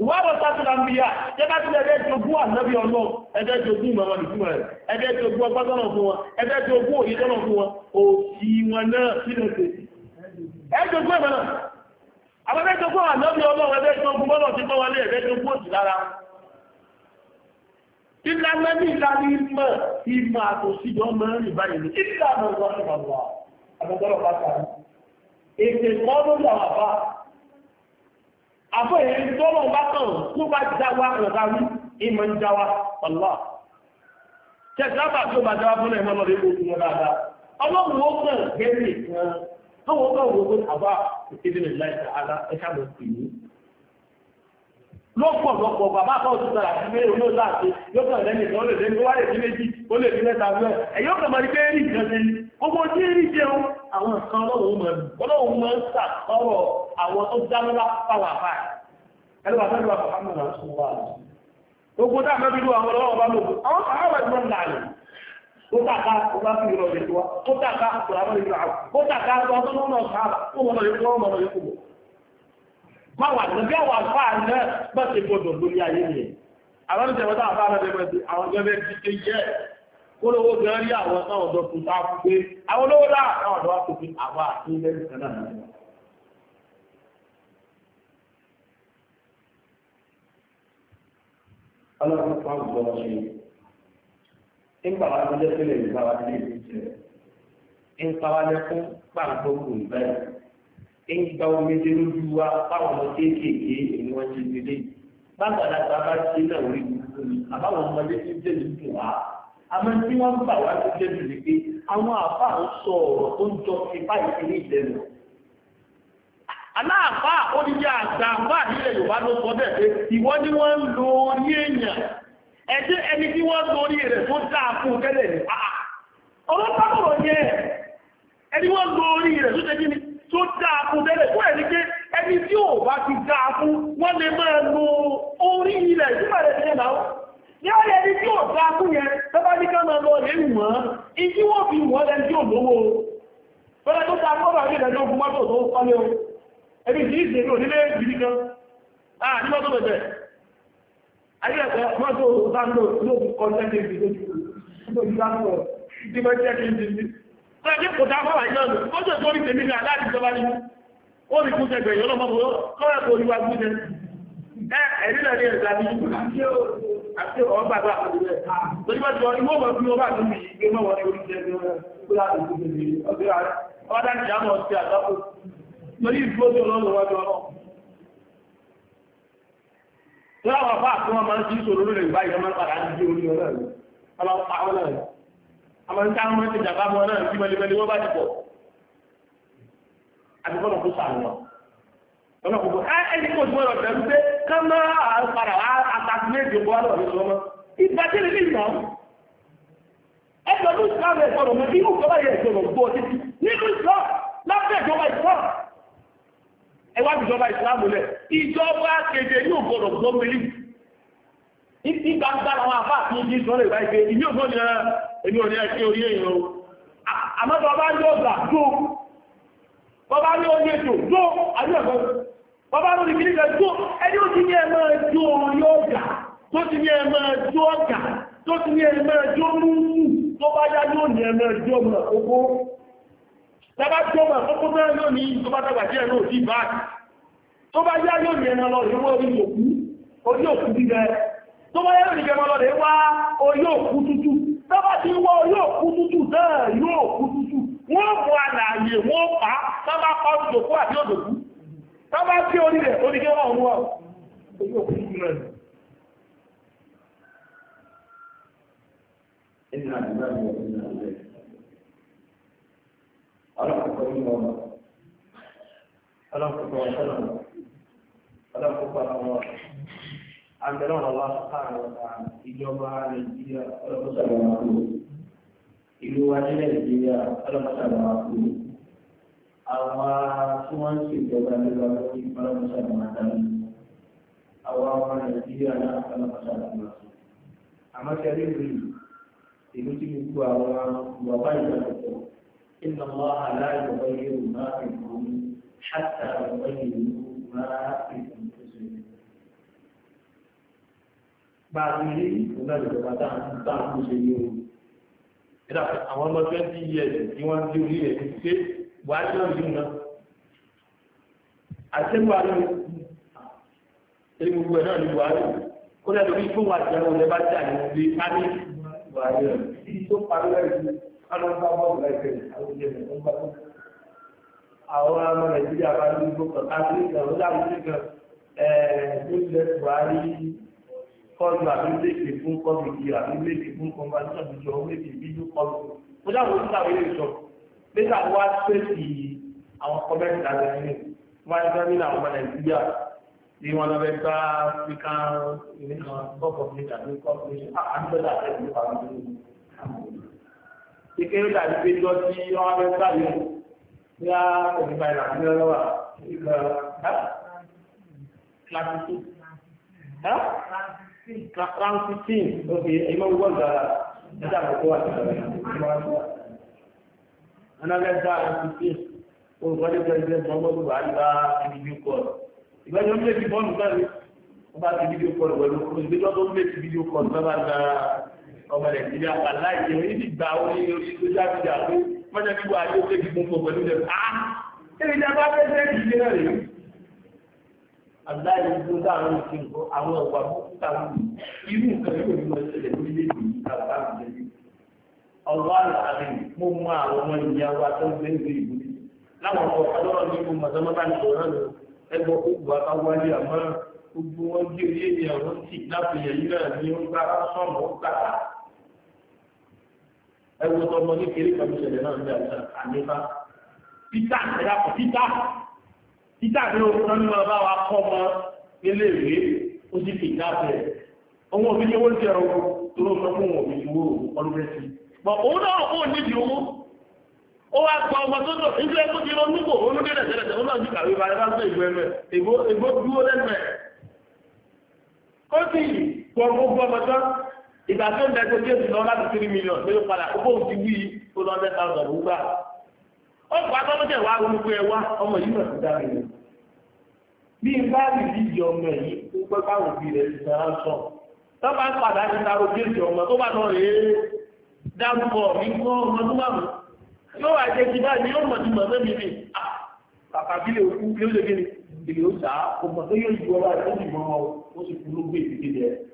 wọ́n tàbí àmìyà jẹba tí ẹgbẹ́ jogún ànábí ọlọ́ ẹgbẹ́ jogún ìmọ̀wọ̀n ìfúnmọ̀ rẹ̀ ẹgbẹ́ jogún ọgbọ́gbọ́nà fún wọn ẹgbẹ́ jogún òyìnbọ́nà fún wọn òsì wọn náà sínú ẹgbẹ́ jogún ìmọ̀nà àwọn ẹgbẹ́ jogún ànábí ọlọ́ ẹgbẹ́ jogún bọ́lọ̀ tí bọ́ wọlé ẹgbẹ́ jogún òsì lára ìlànà ní ìlànà ìmọ̀ ìmọ̀ àtòsíjọ́ mẹ́rin ìbáyìí ní ìlànà ìwọ́n ìbàwọ̀ àgbẹ̀gbọ́lọ̀ bá sàrẹ̀ ètè kọ́ lórí àwọn àbá àfọ èyí tọ́lọ̀ bá tàn tó bá já wa ọ̀gá rí ìmọ̀ ń já wa ọ̀lá tẹ̀sábà tó bá já wa fún ẹ̀mọ́ lọ́dẹ kó fún wọn dáadáa ọlọ́run ó kàn gẹ́rì kan táwọn kan wò ó àbá ìdílé láìsà ara ẹ̀ka lọ sí i lọ́pọ̀lọpọ̀ bàbá kan tó tara sí mẹ́rin ló láti yóò kàn lẹ́yìn kan lè lẹ́yìn wá lè fi méjì ó lè fi mẹ́ta lọ ẹ̀yọ́ kàn máa rí pé rí nǹkan ṣe gbogbo tí rí jẹun àwọn nǹkan ọlọ́run mọ̀ ọlọ́run mọ̀ ń sàkọ́rọ̀ àwọn tó dáná lápá wà báyìí ẹlọ́wà fẹ́ lọ́wà Muhammad Rasulullah gbogbo tá àmọ́ bílú àwọn ọlọ́wọ́ bá lòkù àwọn sàárà ìmọ̀ nàlẹ̀ ó tàkà ọba fi ìrọ̀ lè tiwa ó tàkà ọ̀rọ̀ ìrọ̀ àwọn ó tàkà ọdún náà sàárà ó wọ́n lè kọ́ ọmọ lè kúrò má wà ní bí àwọn afá náà bá ti gbọdọ̀ lórí ayé ni àwọn ìjẹ̀wọ́ tá àfá náà bẹ̀rẹ̀ sí àwọn jẹ́ bẹ́ẹ̀ ti jẹ́ kólówó gan rí àwọn náà ọ̀dọ́ fún tá a fún pé àwọn olówó náà àwọn ọ̀dọ́ wa kò fi àwọn àti ilé ìsẹ́nà náà ọlọ́run fún àwùjọ ṣe nígbà wà lọ́jọ́ tó lè gbà wá sí ìlú jẹ́ nípa wá lẹ́kún pàǹtó kù bẹ́ẹ̀ nígbà omi dé lójú wa báwọn ọmọ kéékèèké ni wọ́n ti fi lé bàgbàdàgbà bá ti náà rí gbogbo mi àbáwọn ọmọdé ti dé lójú aláàfà oníjẹ́ àgbàmbà nílẹ̀ Yorùbá ló sọ bẹ́ẹ̀ pé ìwọ ni wọ́n ń lo orí èèyàn ẹjẹ́ ẹni tí wọ́n lo orí rẹ̀ tó dáa fún tẹ́lẹ̀ ní àà ah, ah. ọ̀rọ̀ tábọ̀rọ̀ yẹ ẹni wọ́n lo orí rẹ̀ tó tẹ́jú ni tó dáa fún tẹ́lẹ̀ fún ẹni pé ẹni tí ò bá ti dáa fún wọ́n lè máa lo orí ilẹ̀ tí bàrẹ̀ tẹ́lẹ̀ náà ní ọ̀rẹ́ ẹni tí ò dáa fún yẹn tó bá ní ká máa lọ lè wọ́n ìdí wọ́n fi wọ́n lẹ́ni tí ò lówó Bọ́lá tó ẹbí ìdí ìsìn ní onílé ìdí kan àà ní bẹ̀bẹ̀ ayẹ́ẹ̀kọ́ mọ́tò sáńdò ló fi kọ́ lẹ́gbẹ̀ẹ́ ìdí lójú sáńdò ìdí mọ́ jẹ́ ní pẹ́ẹ̀kí kò dá ní aláàdì bá ní ó rí kú ní ẹ̀dá ní àti ọgbà gbà torí bá torí ìgbóso lọ́lọ́wọ́dọ́ ọlọ́run láwọn afá àti wọn máa ń tí ìṣòro lórí ìgbà ìjọba padà ń di orí ọ̀nà rẹ̀ ọlọ́pàá ọ̀nà rẹ̀ àmọ́ ní táwọn máa ń tẹ̀jà bá wọn náà ń bí mẹ́lẹ́mẹ́lẹ́ wọ́n bá ti pọ̀ àti bọ́lọ̀ kó sàn lọ. ọ̀nà kò bọ̀ ẹ ẹni kò tún ẹ wá ìjọba ìsìláàmù lẹ̀ ìjọba kéde ní ògbọ́dọ̀ gbọ́mìlì ìtì gbangba àwọn àbá àti ìdí ìsọ́lẹ̀ ìbá ìgbé ìní ògbọ́n ni ẹni òní ẹ̀ṣẹ́ orí èèyàn o àmọ́ bàbá ní ọ̀gbà tó bàbá ní oní ètò tó àríwẹ̀gbọ́n bàbá ní oní kìíníkà tó ẹni ó ti ní ẹmọ ẹjọ́ orí ọ̀gà tó ti ní ẹmọ ẹjọ́ ọ̀gà tó ti ní ẹmọ ẹjọ́ múlù tó bá yá ní òní ẹmọ ẹjọ́ mọ̀ lábá tí ó bà kókó bẹ́ẹ̀ yóò ní tó bá dàgbà díẹ̀ náà sí bá tó bá yá yóò ní ẹran lọ ìwọ orí òkú orí òkú gíga tó bá yá ìrìnkẹ mọ́ lọ́dẹ̀ wá orí òkú tútù tó bá ti wọ orí òkú tútù náà yóò òkú tútù wọ́n mú àlàyé wọ́n pa sábà kọ́ òdòkú àti òdòkú sábà tí orí rẹ̀ orí kí wọ́n wọ́n orí òkú tútù náà إنا ọlọ́kùnkùn yìí wọn ọlọ́kùnkùn wọn sọ́nà ọlọ́kùnkùn wọn wọn àgbẹ̀rẹ̀ wọn wá sọ́kàrọ̀ ọ̀tà ìjọba nàìjíríà ọlọ́kùnkùn wọn kú ìlú wa ní nàìjíríà ọlọ́kùnkùn wọn kú àwọn tí wọ́n ń ṣèjọba lọ́wọ́ lórí ọlọ́kùnkùn wọn dání àwọn ọmọ nàìjíríà náà ọlọ́kùnkùn wọn kú àmọ́ sẹ́rí ìlú ìlú tí gbogbo àwọn bàbá ìgbà tó إن الله لا يغير ما فيكم حتى يغيروا ما في أنفسهم. بعد ذلك إذا أول ما تقول لي يجي يوان تقول لي يجي كي بعد ما يجينا أتم بعد ما يجينا يجي بعدنا اللي بعد كنا نبي فوق بعدنا ونبي بعدنا نبي كذي بعدنا يجي alọ́gbà bọ́ọ̀lù láìpẹ́ àwùjọ rẹ̀ ń gbàgbọ́. àwọn ọmọ nàìjíríà bá ní gbogbo káàkiri kan ó dáhùn sí kan ẹ̀ẹ́dẹ́gbẹ̀ buhari kọ́ọ̀lù àbíléèkì fún kọ́mìtì àbíléèkì fún kọ́mìtì àbíjọ méjì bíjú kọ́ọ̀lù. ó dáhùn sí àwọn ilé ìṣọ́ nígbà wá pèsè àwọn kọ́mẹ́ntì àgbẹ̀yìn wọ́n á gbẹ́mí àwọn ọmọ nàìjíríà tí wọ́n lọ bẹ́ gbá african union gọ́ọ̀pọ̀ nígbà tó kọ́ọ̀lù àgbẹ̀lá àti ìlú àwọn ìlú kékeré dàbí pé jọ tí wọ́n fẹ́ sáyé ní á òmìnira ìlànà ní ọlọ́wà ìgbà kíláàsì tó. Kíláàsì tí òkè ìmọ̀ wọ́n gbà nígbà àkókò àti ìgbà Anabẹ́ta àti olùkọ́lé tẹ̀lé ọgbọ́n tó bá gba ìdíjú kọ́ọ̀lù. Ìgbẹ́jọ́ ń lé ti bọ́ọ̀lù bẹ́ẹ̀ ni wọ́n bá ọmọ nàìjíríà aláìsí èyí ti gbà ó ní orí social media pé mọ́jọ́ bí wà ní oṣù kíkún fún pẹ̀lú ẹ̀ á èyí ni a bá fẹ́ sẹ́ẹ̀kì ilé náà rèé aláìsí tó dáhùn sí nǹkan àwọn ọ̀wà púpà irú nǹkan yóò ní wọ́n ṣẹlẹ̀ lórí ilé ìlú kàkà ìjẹ́bí ọ̀rọ̀ àlàáfíà mo mọ àwọn ọmọ ìyá wa tó ń gbé ìlú ìlú láwọn ọkọ̀ ọlọ́rọ̀ gbogbo wọn dé orí ènìyàn wọn sì láti yẹ̀yí náà ní ó ń gbá ó gbà ẹwọ tọmọ ní kiri kàmíṣẹlẹ náà ní àgbà àníbá títà ẹyàpọ títà títà ní oṣù náà ní wọn bá wa kọ ọmọ nílé ìwé ó sì fi ìdá bẹ́ẹ̀ ọmọ òbí ni owó ń jẹrọ tó ló sọ fún òbí ìwò ọlọrẹsì bọ òun náà ó nídìí owó ó wá gba ọmọ tó tọ ìlú ẹgbẹ́ ti lọ nígbò olóde lẹsẹlẹsẹ ó náà ju kàwé ba ẹbá sọ ìgbọ ẹmẹ ègbó dúró lẹmẹ ó sì gbọ gbogbo ọmọ tán ìgbà tó ń bẹ tó jésù lọ láti three million lórí padà ó bóun ti wí tó lọ bẹ thousand ó gbà ó gbà tó ló jẹ wá olùkọ ẹ wá ọmọ yìí náà ti dá mi lọ bí n bá rí ìdíje ọmọ yìí ó pẹ́ báwo bí rẹ̀ ti sàn án sọ tó bá ń padà ti taro jésù ọmọ tó bá lọ rèé dárúkọ mi kọ́ ọmọ tó bá mú yóò wá jẹ́ kí báyìí yóò mọ̀ ti mọ̀ mẹ́mi mi bàbá bí lè kú ló lè gbé ni ìlú ó sà á kò mọ̀ tó yóò yí ọ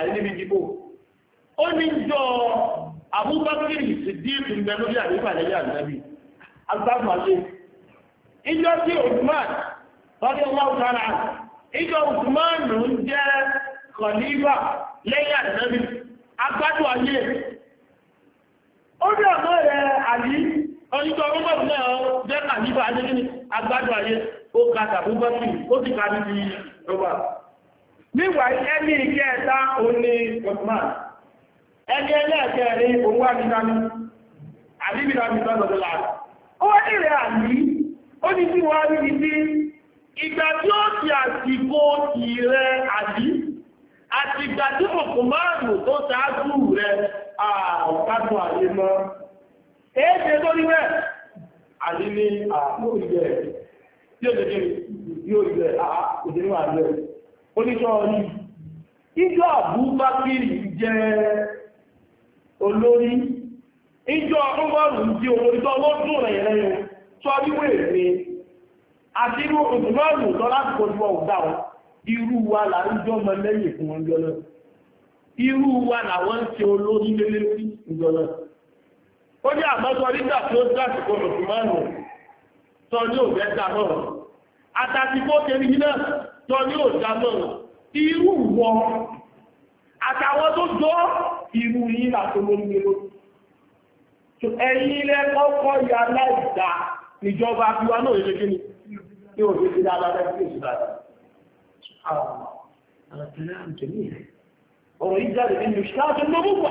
àìníbi dìbò ó ní jọ abúgbàkiri sí díìpù mẹ́lórí àríwá lẹ́yìn àgbẹ̀bí agbáfàṣe ìjọ tí Usman lọ́dí ọwọ́ kára ìjọ Usman ló ń jẹ́ kọ̀lífà lẹ́yìn àgbẹ̀bí agbádùn ayé ó ní ọmọ rẹ̀ àlí ọjọ́ ọgbọ́n náà jẹ́ kàlífà ayé ní agbádùn ayé ó ka tàbúgbàkiri ó níwà ẹni ìjẹ́ ẹ̀ta òní Osman ẹni ẹlẹ́ẹ̀kẹ́ rí owó àdídámi àdídámi lọ́dọ̀dọ̀ láàrín ó wá nílẹ̀ àmì ó ní tí wọ́n rí ní ìgbà tí ó ti àsìkò ìrẹ́ àbí àti ìgbà tí òkú márùn tó tó oníṣọ́ orí ìjọ àbúbákìrì jẹ́ olórí ìjọ ọmọrùn jẹ́ olórí tó lọ́dún rẹ̀ rẹ̀ tó wíwé rẹ̀ àti irú òṣùmọ́rùn tó láti kojú ọ̀dá wọn irú wa là mọ lẹ́yìn fún wọn jọ jọ ní òjá náà irú wọn àtàwọn tó jọ irú yìí làtò lórí lórí ẹ̀yìn ilẹ̀ kọ́kọ́ ya láìdá níjọba bí wa náà ìrẹ́kí ni ní òjò ti dáadáa lẹ́gbẹ̀ẹ́ ìṣúra ọ̀rọ̀ ìjáde nínú ṣáàtì lọ́gbọ̀gbà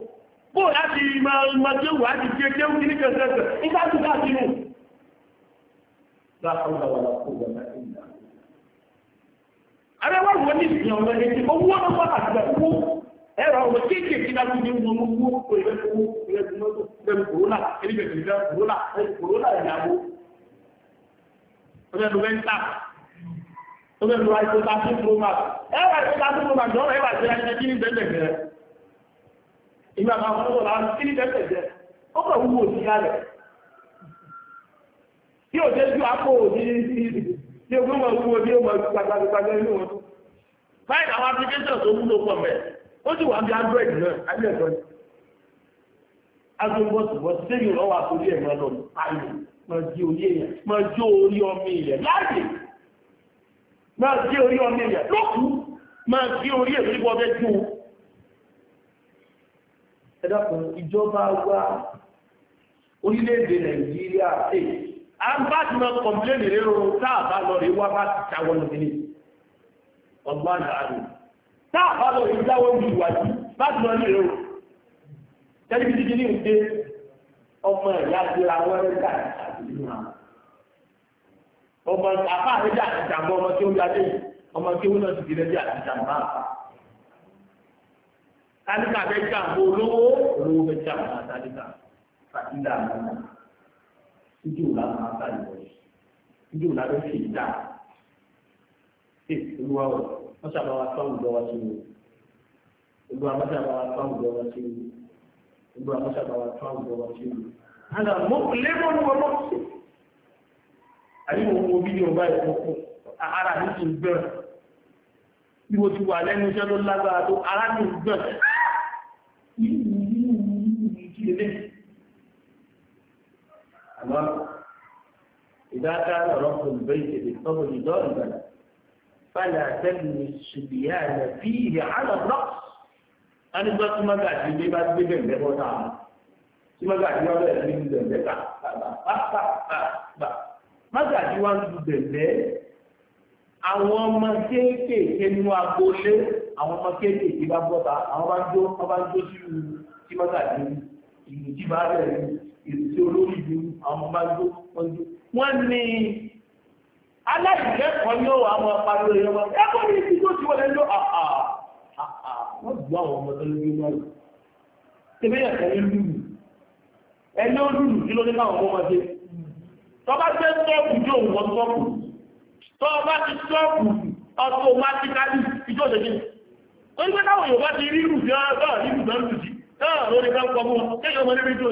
bó láti ìmọ̀jẹ́wò láti fi ẹjẹ́wò kí ní kẹsẹ̀ẹ̀sẹ̀ ìgbàjú láti mú Àrẹwà wọ́n ní ìsìn ọ̀rọ̀ ẹ̀kì owó ọlọ́pàá àgbà owó ẹ̀rọ ọ̀rọ̀ kéèkèé tí láti ní wọn mú owó ìrẹ́kùnrin ìrẹ́kùnrin kòrónà ẹ̀rẹ́kùnrin kòrónà ẹ̀rẹ́kùnrin kòrónà ìyàwó. Ọjọ́ ìlú wẹ́ńtà ọjọ́ ìlú àìsọ́ta sí ìgbà àwọn ọmọ ọmọ láti kí ní tẹ́tẹ̀ jẹ ó kọ̀ wúwo sí yálẹ̀ tí ò jẹ́ ju àpò òní ní ogún mọ̀ wúwo ní ọmọ gbàgbàgbàgbà inú wọn báyìí àwọn application tó wúlò pọ̀ mẹ́ ó sì wà bí android náà ayé ẹ̀kọ́ ni agbóbọ̀sì bọ́ sẹ́yìn lọ́wọ́ àtòrí ẹ̀ máa lọ ayò máa jí orí èèyàn máa jó orí ọmọ èèyàn láàyè máa jí orí ọmọ èèyàn lókùú máa jí orí èèyàn nípa ọbẹ̀ jó ẹ dákun ìjọba wa orílẹ̀-èdè nàìjíríà ṣe à ń bá ti máa kọ̀m̀pléènì rérò táàbá lọ rí wá bá ti jáwọ́ ní ilé ọgbà ìdáàbò táàbá lọ rí jáwọ́ ní ìwádìí bá ti lọ rí rérò tẹ́lifíṣí kí ní ìdé ọmọ ìyá ti ra wẹ́rẹ́ dà àti ìlú hàn ọmọ àfáà tálíkà fẹ́ jàǹbó olówó olówó fẹ́ jàǹbó tálíkà fàtílà náà ìjò làwọn afá ìwọ ìjò làwọn fi dà ṣe olúwa wọ wọn sábà wá fáwọn ìjọ wa sí i olúwa wọn sábà wá fáwọn ìjọ wa sí i olúwa wọn sábà wá fáwọn ìjọ wa sí i. àgbà mọ lébọ ní wọn bọ sí i àyẹ̀wò wo fídíò báyìí kọ̀ọ̀kan ara mi ti gbẹ̀rẹ̀ bí mo ti wà lẹ́nu iṣẹ́ ló lágbára tó ara mi gbẹ̀rẹ̀. الأنبار إذا كان رب البيت بالطبل ضربا فلا تبني الصبيان فيه على الرأس أنا قلت ما قاعد في بيبات بيبين بيبو تعالى ما قاعد يقول لك بيبين بيبين ما قاعد يقول لك àwọn ọmọ kéékèèké nínú agboolé àwọn ọmọ kéékèèké bá bọ́ta àwọn bá ń jó sí ìlú tí mọ́tà ìlú tí bá bẹ̀rẹ̀ èsì olórí ìlú àwọn ọmọ ẹgbẹ́ wọn jù wọ́n ní aláìlẹ́kọ̀ọ́ yóò wà wọn pariwo yẹn wọn ẹ̀kọ́ ní ìdí tó ti wọlé lọ àhà àhà wọ́n bu àwọn ọmọ tó lórí wọn lò tẹ́lẹ̀ yẹn kọ́ ní lùlù ẹni ó lùlù kí ló ní káwọn ọmọ ọmọdé tọ́ba ṣe ń tọ́ọ̀kù jó wọn tọ́ọ̀kù tọ́ba ti tọ́ọ̀kù automatically ìjọ́ òṣèlú ó ní pé táwọn Yorùbá ti rí ìrù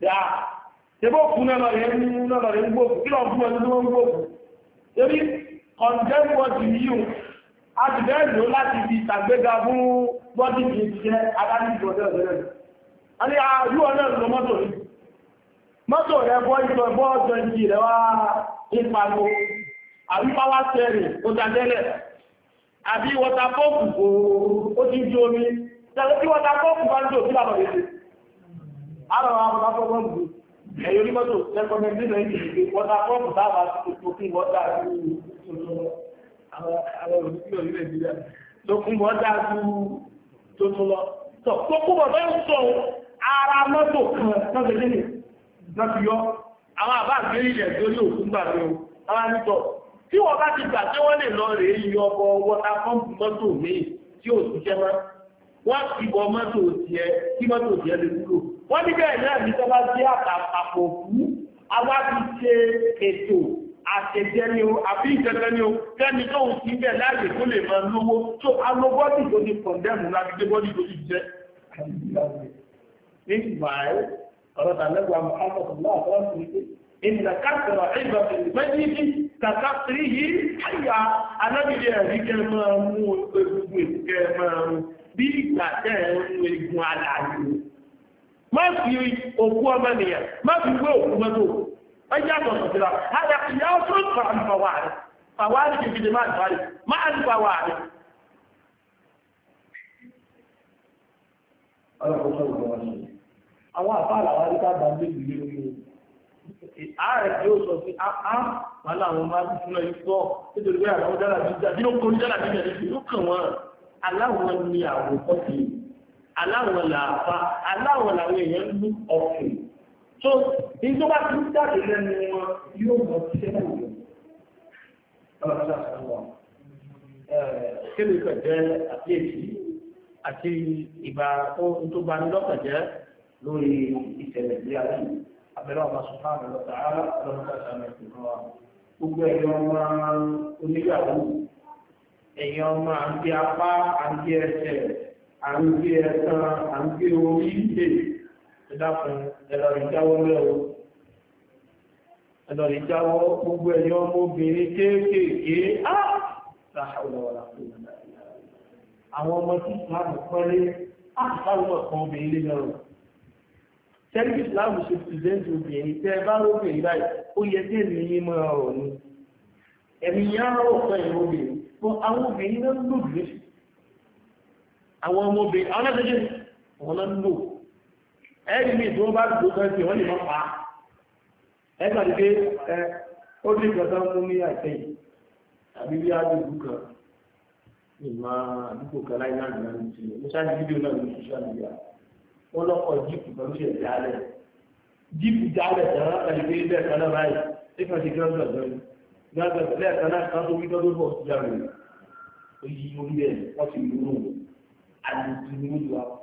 dáa tẹ́bọ̀ kú náà lọ rẹ̀ ń gbóòkú kí lọ fún ẹni tó ń gbóòkú torí condemn body yíò a ti bẹ́ẹ̀ lò láti fi ìtàgbéga fún body kì í jẹ́ adájú ìjọdẹ́ ọ̀dẹ́rẹ́ a ní àájú ọ̀nà ìlú mọ́tò rí mọ́tò rẹ̀ bọ́ ìtọ́ ẹ̀bọ́ ọ̀tọ̀ ìjì rẹ̀ wá ìpanu àbí pàwá sẹ́rì ó dájẹ́lẹ̀ àbí wọ́tapọ́ọ̀kù kò ó ti ju omi tẹ̀lé tí wọ́tapọ́ọ̀kù bá ń jò sí làbọ̀ yìí àrọ̀ àwọn afọ́gbọ́n gbò ẹ̀yọ́ ní mọ́tò rẹ́kọ́mẹ́ndì náà yìí ṣe wọ́tà pọ́ọ̀pù táàbà tó kún wọ́tà àwọn olùdíkìlọ̀ ní nàìjíríà tó kún wọ́tà tó tó lọ. tó kún bọ̀ tó ń sọ ara mọ́tò kan lọ́sẹ̀ lẹ́nu lọ́sẹ̀ yọ àwọn àbá àgbérí ilẹ̀ tó ní òkú gbà ní o àwọn o tí wọ́n bá ti gbà tí wọ́n lè lọ rèé yọ ọkọ̀ wọ́tà pọ́ọ̀pù mọ́tò míì tí ò ṣiṣẹ́ mọ́ o ti bọ mọ́tò tiẹ̀ kí mọ́tò tiẹ̀ lè kúrò wọ́n níbẹ̀ náà ní tọ́lá sí àpapọ̀ òkú awábi ṣe ètò àṣẹjẹni o àbí ìṣẹ̀lẹ̀ni o kẹ́ni tó ń fi bẹ̀ láàyè tó lè máa lówó tó aló bọ́dì tó ní kọ̀ndẹ́mù láti gbé bọ́dì tó ti jẹ́ nígbà ọ̀rọ̀ tàlẹ́gbà Muhammad náà tó ń fi ìnà kásọ̀rọ̀ ìgbà mẹ́jìdì kàkà sí yìí àyà alábìlẹ̀ ẹ̀rí kẹ máa mú egungun èkú máa mú bí ìgbà tẹ́ ẹ̀rún egun alàyè má fi òkú ọmọ nìyẹn má fi wé òkú mọ́tò ẹjẹ́ àtọ̀tọ̀ síra àyà ìyá ọ̀tún fà á nípa wà rẹ̀ fàwa rẹ̀ kìí fi má nípa rẹ̀ má á nípa wà rẹ̀. àwọn àbá àlàwà rí ká bá méjì lé orí o ààrẹ tí ó sọ sí apá wà láwọn máa ń fún ẹni pọ̀ nítorí pé àwọn dára bí jáde ó kó ní dára bí jáde ó kàn wọ́n aláwọ̀ ni àwòkọ́ sí i aláwọn làáfà aláwọn làwọn èèyàn ní ọ̀fìn tó ní tó bá tún jáde lẹ́nu wọn yóò mọ̀ sí ẹ̀kọ́ kébì kan jẹ́ àkíyèsí àti ìgbà tó bá ní lọ́kàn jẹ́ lórí ìṣẹ̀lẹ̀ ilé ayé abẹ́rẹ́ ọba sùpáàmù lọ́tà ara lọ́tà sàmì ìfúnná wa gbogbo ẹ̀yọ́ ọmọ oníyàwó ẹ̀yọ́ ọmọ àǹdí apá àǹdí ẹsẹ̀ àǹgbé ẹ̀sán àǹgbé orí ilé ìdáfún ẹ̀lọ́rì jáwọ́ mẹ́wọ́ ẹ̀lọ́rì jáwọ́ gbogbo ẹ̀yọ́ ọmọbìnrin kéékèèké àwọn ọmọ tí ìsìláàmù pẹ́lẹ́ àtàwọn ọ̀kan obìnrin lé lọ́rùn tẹ́lí ìsìláàmù ṣe pìrìsẹ́ntì obìnrin tẹ́ bá lóbìnrin báyìí ó yẹ tí èmi yí mọ́ ọ̀rọ̀ ni ẹ̀mí yá rọ̀ pẹ̀lú obìnrin fún àwọn obìnrin náà lòdì àwọn ọmọbìnrin àwọn ẹgbẹ́jẹ́ wọn lọ lò ẹ̀rí mi tí wọ́n bá gbogbo kan sí wọ́n lè máa pa ẹgbà ní pé ẹ ó ní ìgbàtà mú ní àìsẹ́ yìí àbí bí àdúgbò kan ìmọ̀ àdúgbò kan láì náà nìyà ní sílẹ̀ mo ṣáàjú fídíò náà ní social media ó lọ́kọ̀ jíìpù kan ṣe jálẹ̀ jíìpù jálẹ̀ tán àti pé bẹ́ẹ̀ kan náà báyìí nípa ti gán gbàgbọ́ ni gán gbàgbọ́ lẹ́ẹ̀kan náà kan tó wí tọ́jú bọ̀ sí jálẹ̀ òyì orí ẹ̀ wọ́n ti lù ú àlùjù ní ìlú àwọn.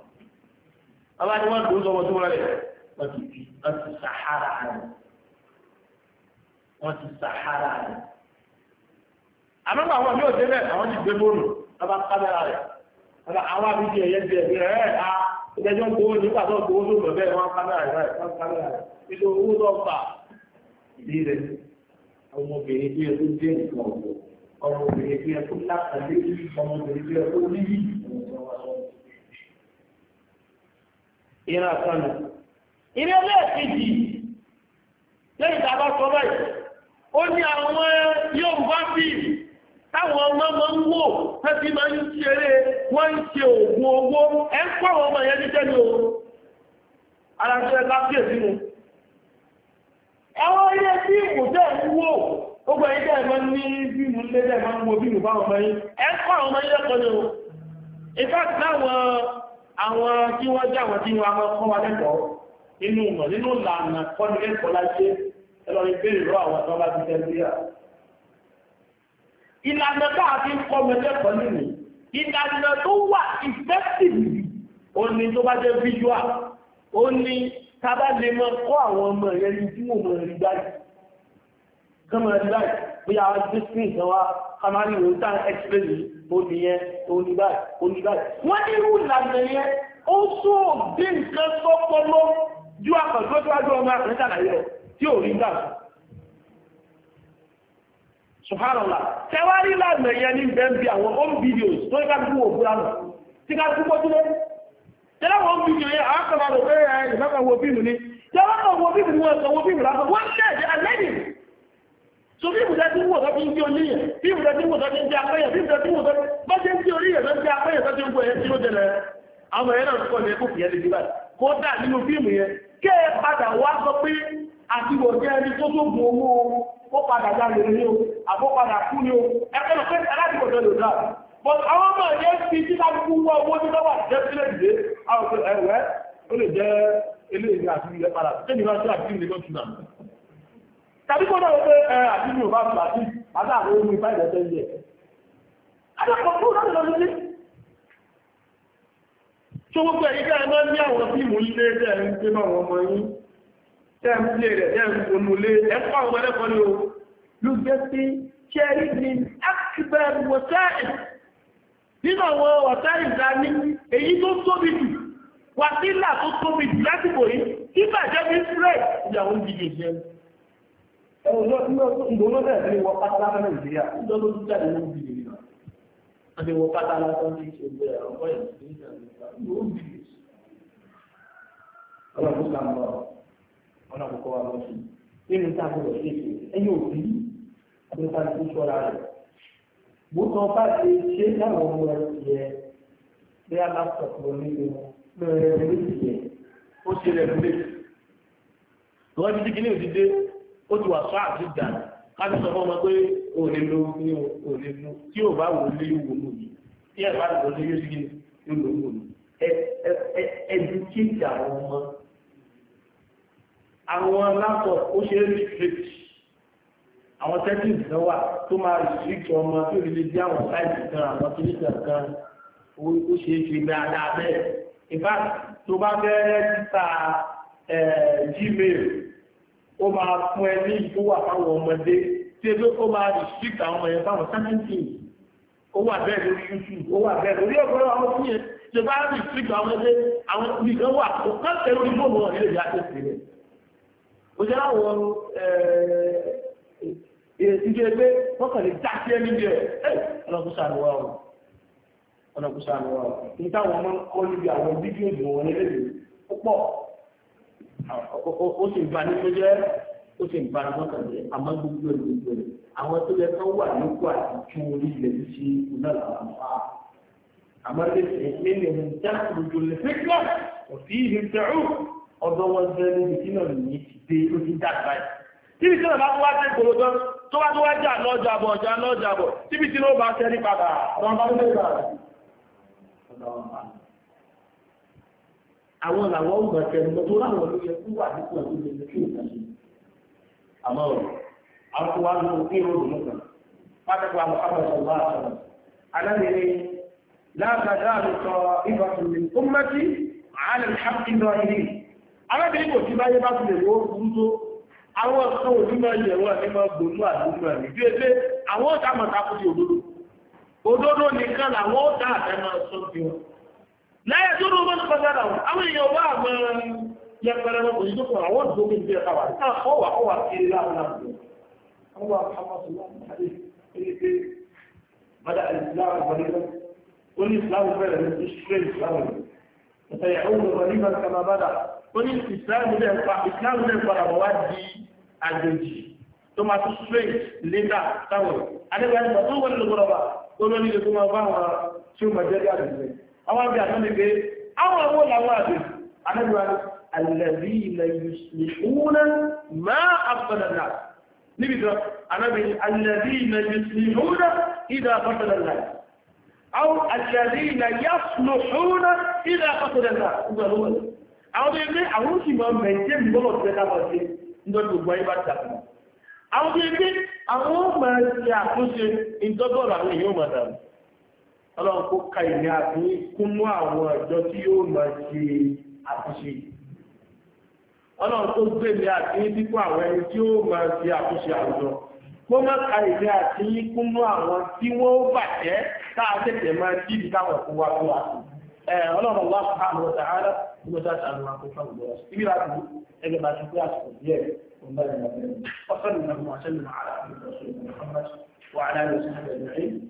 Bàbá ni wọ́n lò ó sọ wọn tó rẹ̀ wọ́n ti fi wọ́n ti sàhárà rẹ̀. Wọ́n ti sàhárà rẹ̀. Àmọ́ àwọn àmì òde bẹ́ẹ̀ àwọn ti gbé bóònù bàbá kámẹ́rà rẹ̀. Bàbá àwọn àbíjì ẹ̀yẹ ti ẹ̀bí rẹ̀ ẹ̀ a ìdájọ́ gbowó nígbà tó gbowó tó lọ kámẹ́rà rẹ̀ wọ́n owó tó ìdí rẹ̀ ìran àtọ́nà ìrẹ́ lẹ́ẹ̀kejì lẹ́yìn tàbá sọ báyìí ó ní àwọn Yorùbá bí táwọn ọmọ máa ń wò tẹ́sí máa ń ṣeré wọ́n ń ṣe òògùn owó ẹ àwọn ọmọ jíjẹ́ ní ní bímú lé bímú àwọn tí wọ́n jẹ́ àwọn tí wọ́n mọ́ kọ́ wa lẹ́kọ̀ọ́ nínú ìmọ̀ nínú ìlànà kọ́ni lẹ́kọ̀ọ́ láṣẹ ẹlọ́rin bèèrè lọ àwọn tó bá ti tẹ́lẹ̀ ìlànà tá a fi ń kọ́ mi lẹ́kọ̀ọ́ nínú ìlànà tó wà effective ó ní tó bá jẹ́ visual ó ní tábà lè mọ kọ́ àwọn ọmọ rẹ̀ ní tí wọ́n mọ̀ rí dájú ó ní yẹn ó ní báyìí ó ní báyìí wọ́n ní irú ìlànà yẹn ó sún òbí nǹkan sọ́pọ́lọ́ ju àkàndójúwájú ọmọ àkàndá àlàyé rẹ̀ tí ò rí gbà subhanallah tẹwárí ìlànà yẹn ní bẹ́ẹ̀bí àwọn home videos tó ní káàkiri wò búra nù tí káàkiri wò búra nù tẹ́lá wọn fídíò yẹn àákọ̀ọ́lá rẹ̀ pé ìfẹ́kọ̀ọ́ wo fíìmù ni tẹ́lá wọn wo fíìmù wọn sọ wo fíìmù lásán wọ́n tẹ̀ so bí ìbùdó tí ń wò sọ́kí ń gbé orí yẹn bí ìbùdó tí ń wò sọ́kí ń gbé apẹ́yẹ bí ìbùdó tí ń wò sọ́kí bá ṣe ń gbé orí yẹn lọ́sí apẹ́yẹ tó ti ń gbé tí ó jẹlẹ̀ àwọn ẹ̀yẹ náà kọ́ ní ẹkú fìyẹ́ lè dìbà kódà nínú fíìmù yẹn kẹ́ ẹ padà wá sọ pé àtìwọ̀ jẹ́ ẹni tó tó bu o àbó padà kú ní o ẹgbẹ́ lọ pé aládìbò tó lè dà but àwọn ọmọ yẹn fi títà kú wọ owó tó wà jẹ́ sílẹ̀ dìde àwọn ọ̀pẹ ẹ̀wẹ́ ó lè jẹ́ eléyìí àti ilẹ̀ padà tẹ́lifásí àti ilẹ̀ lọ́tún náà tàbí kó náà wọ́pẹ́ ẹ̀rọ àti mi ò bá fi àti àtàwọn ohun ìfà ìdẹ́tẹ́ yẹ. Adékọ̀ọ́ tó náà lọ sí. Tó gbogbo ẹ̀yí ká ẹ máa ń ní àwọn fíìmù ilé tẹ́ ẹ̀ ń gbé máa wọn ọmọ yín. Tẹ́ ẹ̀ ń gbé rẹ̀ tẹ́ ẹ̀ ń gbónú lé ẹ̀ fọ́ àwọn ẹlẹ́kọ̀ọ́ ni o. Ló jẹ́ sí Cherry Green Akibẹ̀ Wọ̀tẹ́ẹ̀. Nínú àwọn wọ̀tẹ́ẹ̀ ìgbà ní èyí tó tóbi jù wà sílà tó tóbi jù lásìkò yìí. Kíbàjẹ́ bí Fred ìyàwó ń di ẹ̀wọ̀n náà ní ọdún ìdòwò náà ti wọ pátá lọ́nà Nàìjíríà ń dọ́ lójú jáde ló ń bi lè nà á ti wọ pátá lọ́sọ́ ní ìṣègbè ọ̀pọ̀ ìṣègbè ìṣègbè ó ń bi lè sí. ọlọ́run ká lọ ọ̀nà àkọ́kọ́ wa lọ sí nínú tá a ti wọ̀ sí èsì ẹ̀yìn òbí ọdún tá a ti sọ́ra rẹ̀ bó sọ bá ti ṣe láwọn ọmọ ẹ̀ bí a láptọ̀ lọ nílé lọ́rẹ̀ lórí ìyẹn ó ṣe rẹ̀ lórí. lọ́wọ́ ó ti wà sọ àdúgbà kájú sọ fún ọmọ pé ò lè lo ní ò lè mú tí ò bá wò lé yóò wò lòdì tí ẹ bá lò lé yóò sì yóò lò wò lòdì ẹbí kéèkì àwọn ọmọ àwọn lápọ̀ ó ṣe é restrict àwọn settings kan wà tó máa restrict ọmọ tó lè lè bí àwọn sáìtì kan àwọn kìlítà kan ó ṣe é ṣe dáadáa bẹ́ẹ̀ in fact tó bá fẹ́ rẹ́jísà Gmail ó máa fún ẹ ní ìtówà fáwọn ọmọdé tí ebí ó máa restrict àwọn ọmọ yẹn fáwọn seventeen ó wà bẹ́ẹ̀ lórí youtube ó wà bẹ́ẹ̀ lórí ọ̀gọ́rọ̀ àwọn tí yẹn ṣe bá restrict àwọn ọmọdé àwọn nìkan wà kó kán tẹ lórí fóònù wọn nílé ìyá tẹsí rẹ ó jẹ́ àwọn ìdíje pé wọ́n kàn lè dáṣẹ́ níbi ẹ̀ ọlọ́kùsà ni wà ó ọlọ́kùsà ni wà ó sì ń bani tó jẹ́ ó sì ń bani mọ́tò jẹ́ àmọ́ gbogbo ẹ̀ gbogbo ẹ̀ àwọn tó yẹ kán wà nípò àti tún orí ilẹ̀ tó ṣe iná làwọn fa àmọ́ lẹ́sẹ̀ nínú ìhun já lójú lè fi gbọ́ òfin ìhun tẹ̀rù ọ̀dọ́ wọn jẹ́ níbi tí náà nìyí ti dé ó ti dàgbà yìí tíbi tí náà bá wá sí ìgboro tán tó bá tó wá jà lọ́jà bọ̀ jà lọ́jà bọ̀ tíbi tí náà bá tẹ́ ní padà àwọn bá àwọn làwọn ọgbà tẹnumọ́ tó láwọn ló yẹ kú wà nípò tó lè fi òkú sí àmọ́ àkúwà ló kí ló dùn kan pátákó àwọn akọ̀sọ̀ bá a sọ̀rọ̀ alábẹ̀rẹ̀ láàkàdá àlùkọ ìbáfin mi ó má sí àálẹ̀ ìhàkì lọ ilé alábẹ̀rẹ̀ kò sí báyé bá fi lè wọ́n burú tó àwọn ọ̀sán láyé tó rú mọ́ nípa sára wọn àwọn èèyàn wá àmọ́ yẹpẹrẹ wọn kò yíjọ́ kan àwọn òdòdó bí ìgbẹ́ káwà ní àwọn ọwà ọwà kiri láàrín àbúrò àwọn bá hamadu láti ṣe pé bada alìsíláàmù mọ̀lẹ́gbẹ́ ó ní ìsìláàmù bẹ̀rẹ̀ ní ìṣẹ́ ìsìláàmù ìtẹ̀yẹ̀ òun mọ̀lẹ́gbẹ́ kama bada ó ní ìsìláàmù dẹ̀ pa ìsìláàmù dẹ̀ padà wá di àjòjì tó máa tún straight lẹ́dà táwọn adébáyé tó wọlé lọ́gbọ́dọ̀ bá ó lọ́ àwọn àbí àtọ́ ni pé àwọn owó làwọn àbí àdẹ́gbà alẹ́bí ilẹ̀ ìṣúná máa àfẹ́lẹ̀lá níbi tó ànábì alẹ́bí ilẹ̀ ìṣúná ìdá àfẹ́lẹ̀lá àwọn alẹ́bí ilẹ̀ yásùlùṣúná ìdá àfẹ́lẹ̀lá àwọn tó yẹ pé àwọn sì máa mẹ̀jẹ́ mọ́lọ̀ tẹ́lá bọ̀ sí nítorí gbogbo ayé bá tàbí àwọn tó ọlọ́run kó ka ìní àti kúnnú àwọn ẹ̀jọ́ tí yóò mọ̀ sí àtúnṣe ọlọ́run tó gbé mi àti dípò àwọn ẹni tí yóò mọ̀ sí àtúnṣe àwùjọ kó má ka ìní àwọn tí wọ́n bàjẹ́ a máa jí ìdí fún wa ọlọ́run wá fún àwọn ara tí mo dáta àwọn akókò àwọn ọ̀rọ̀ ti pé àsìkò díẹ̀ ọ̀sán ìlànà ìlànà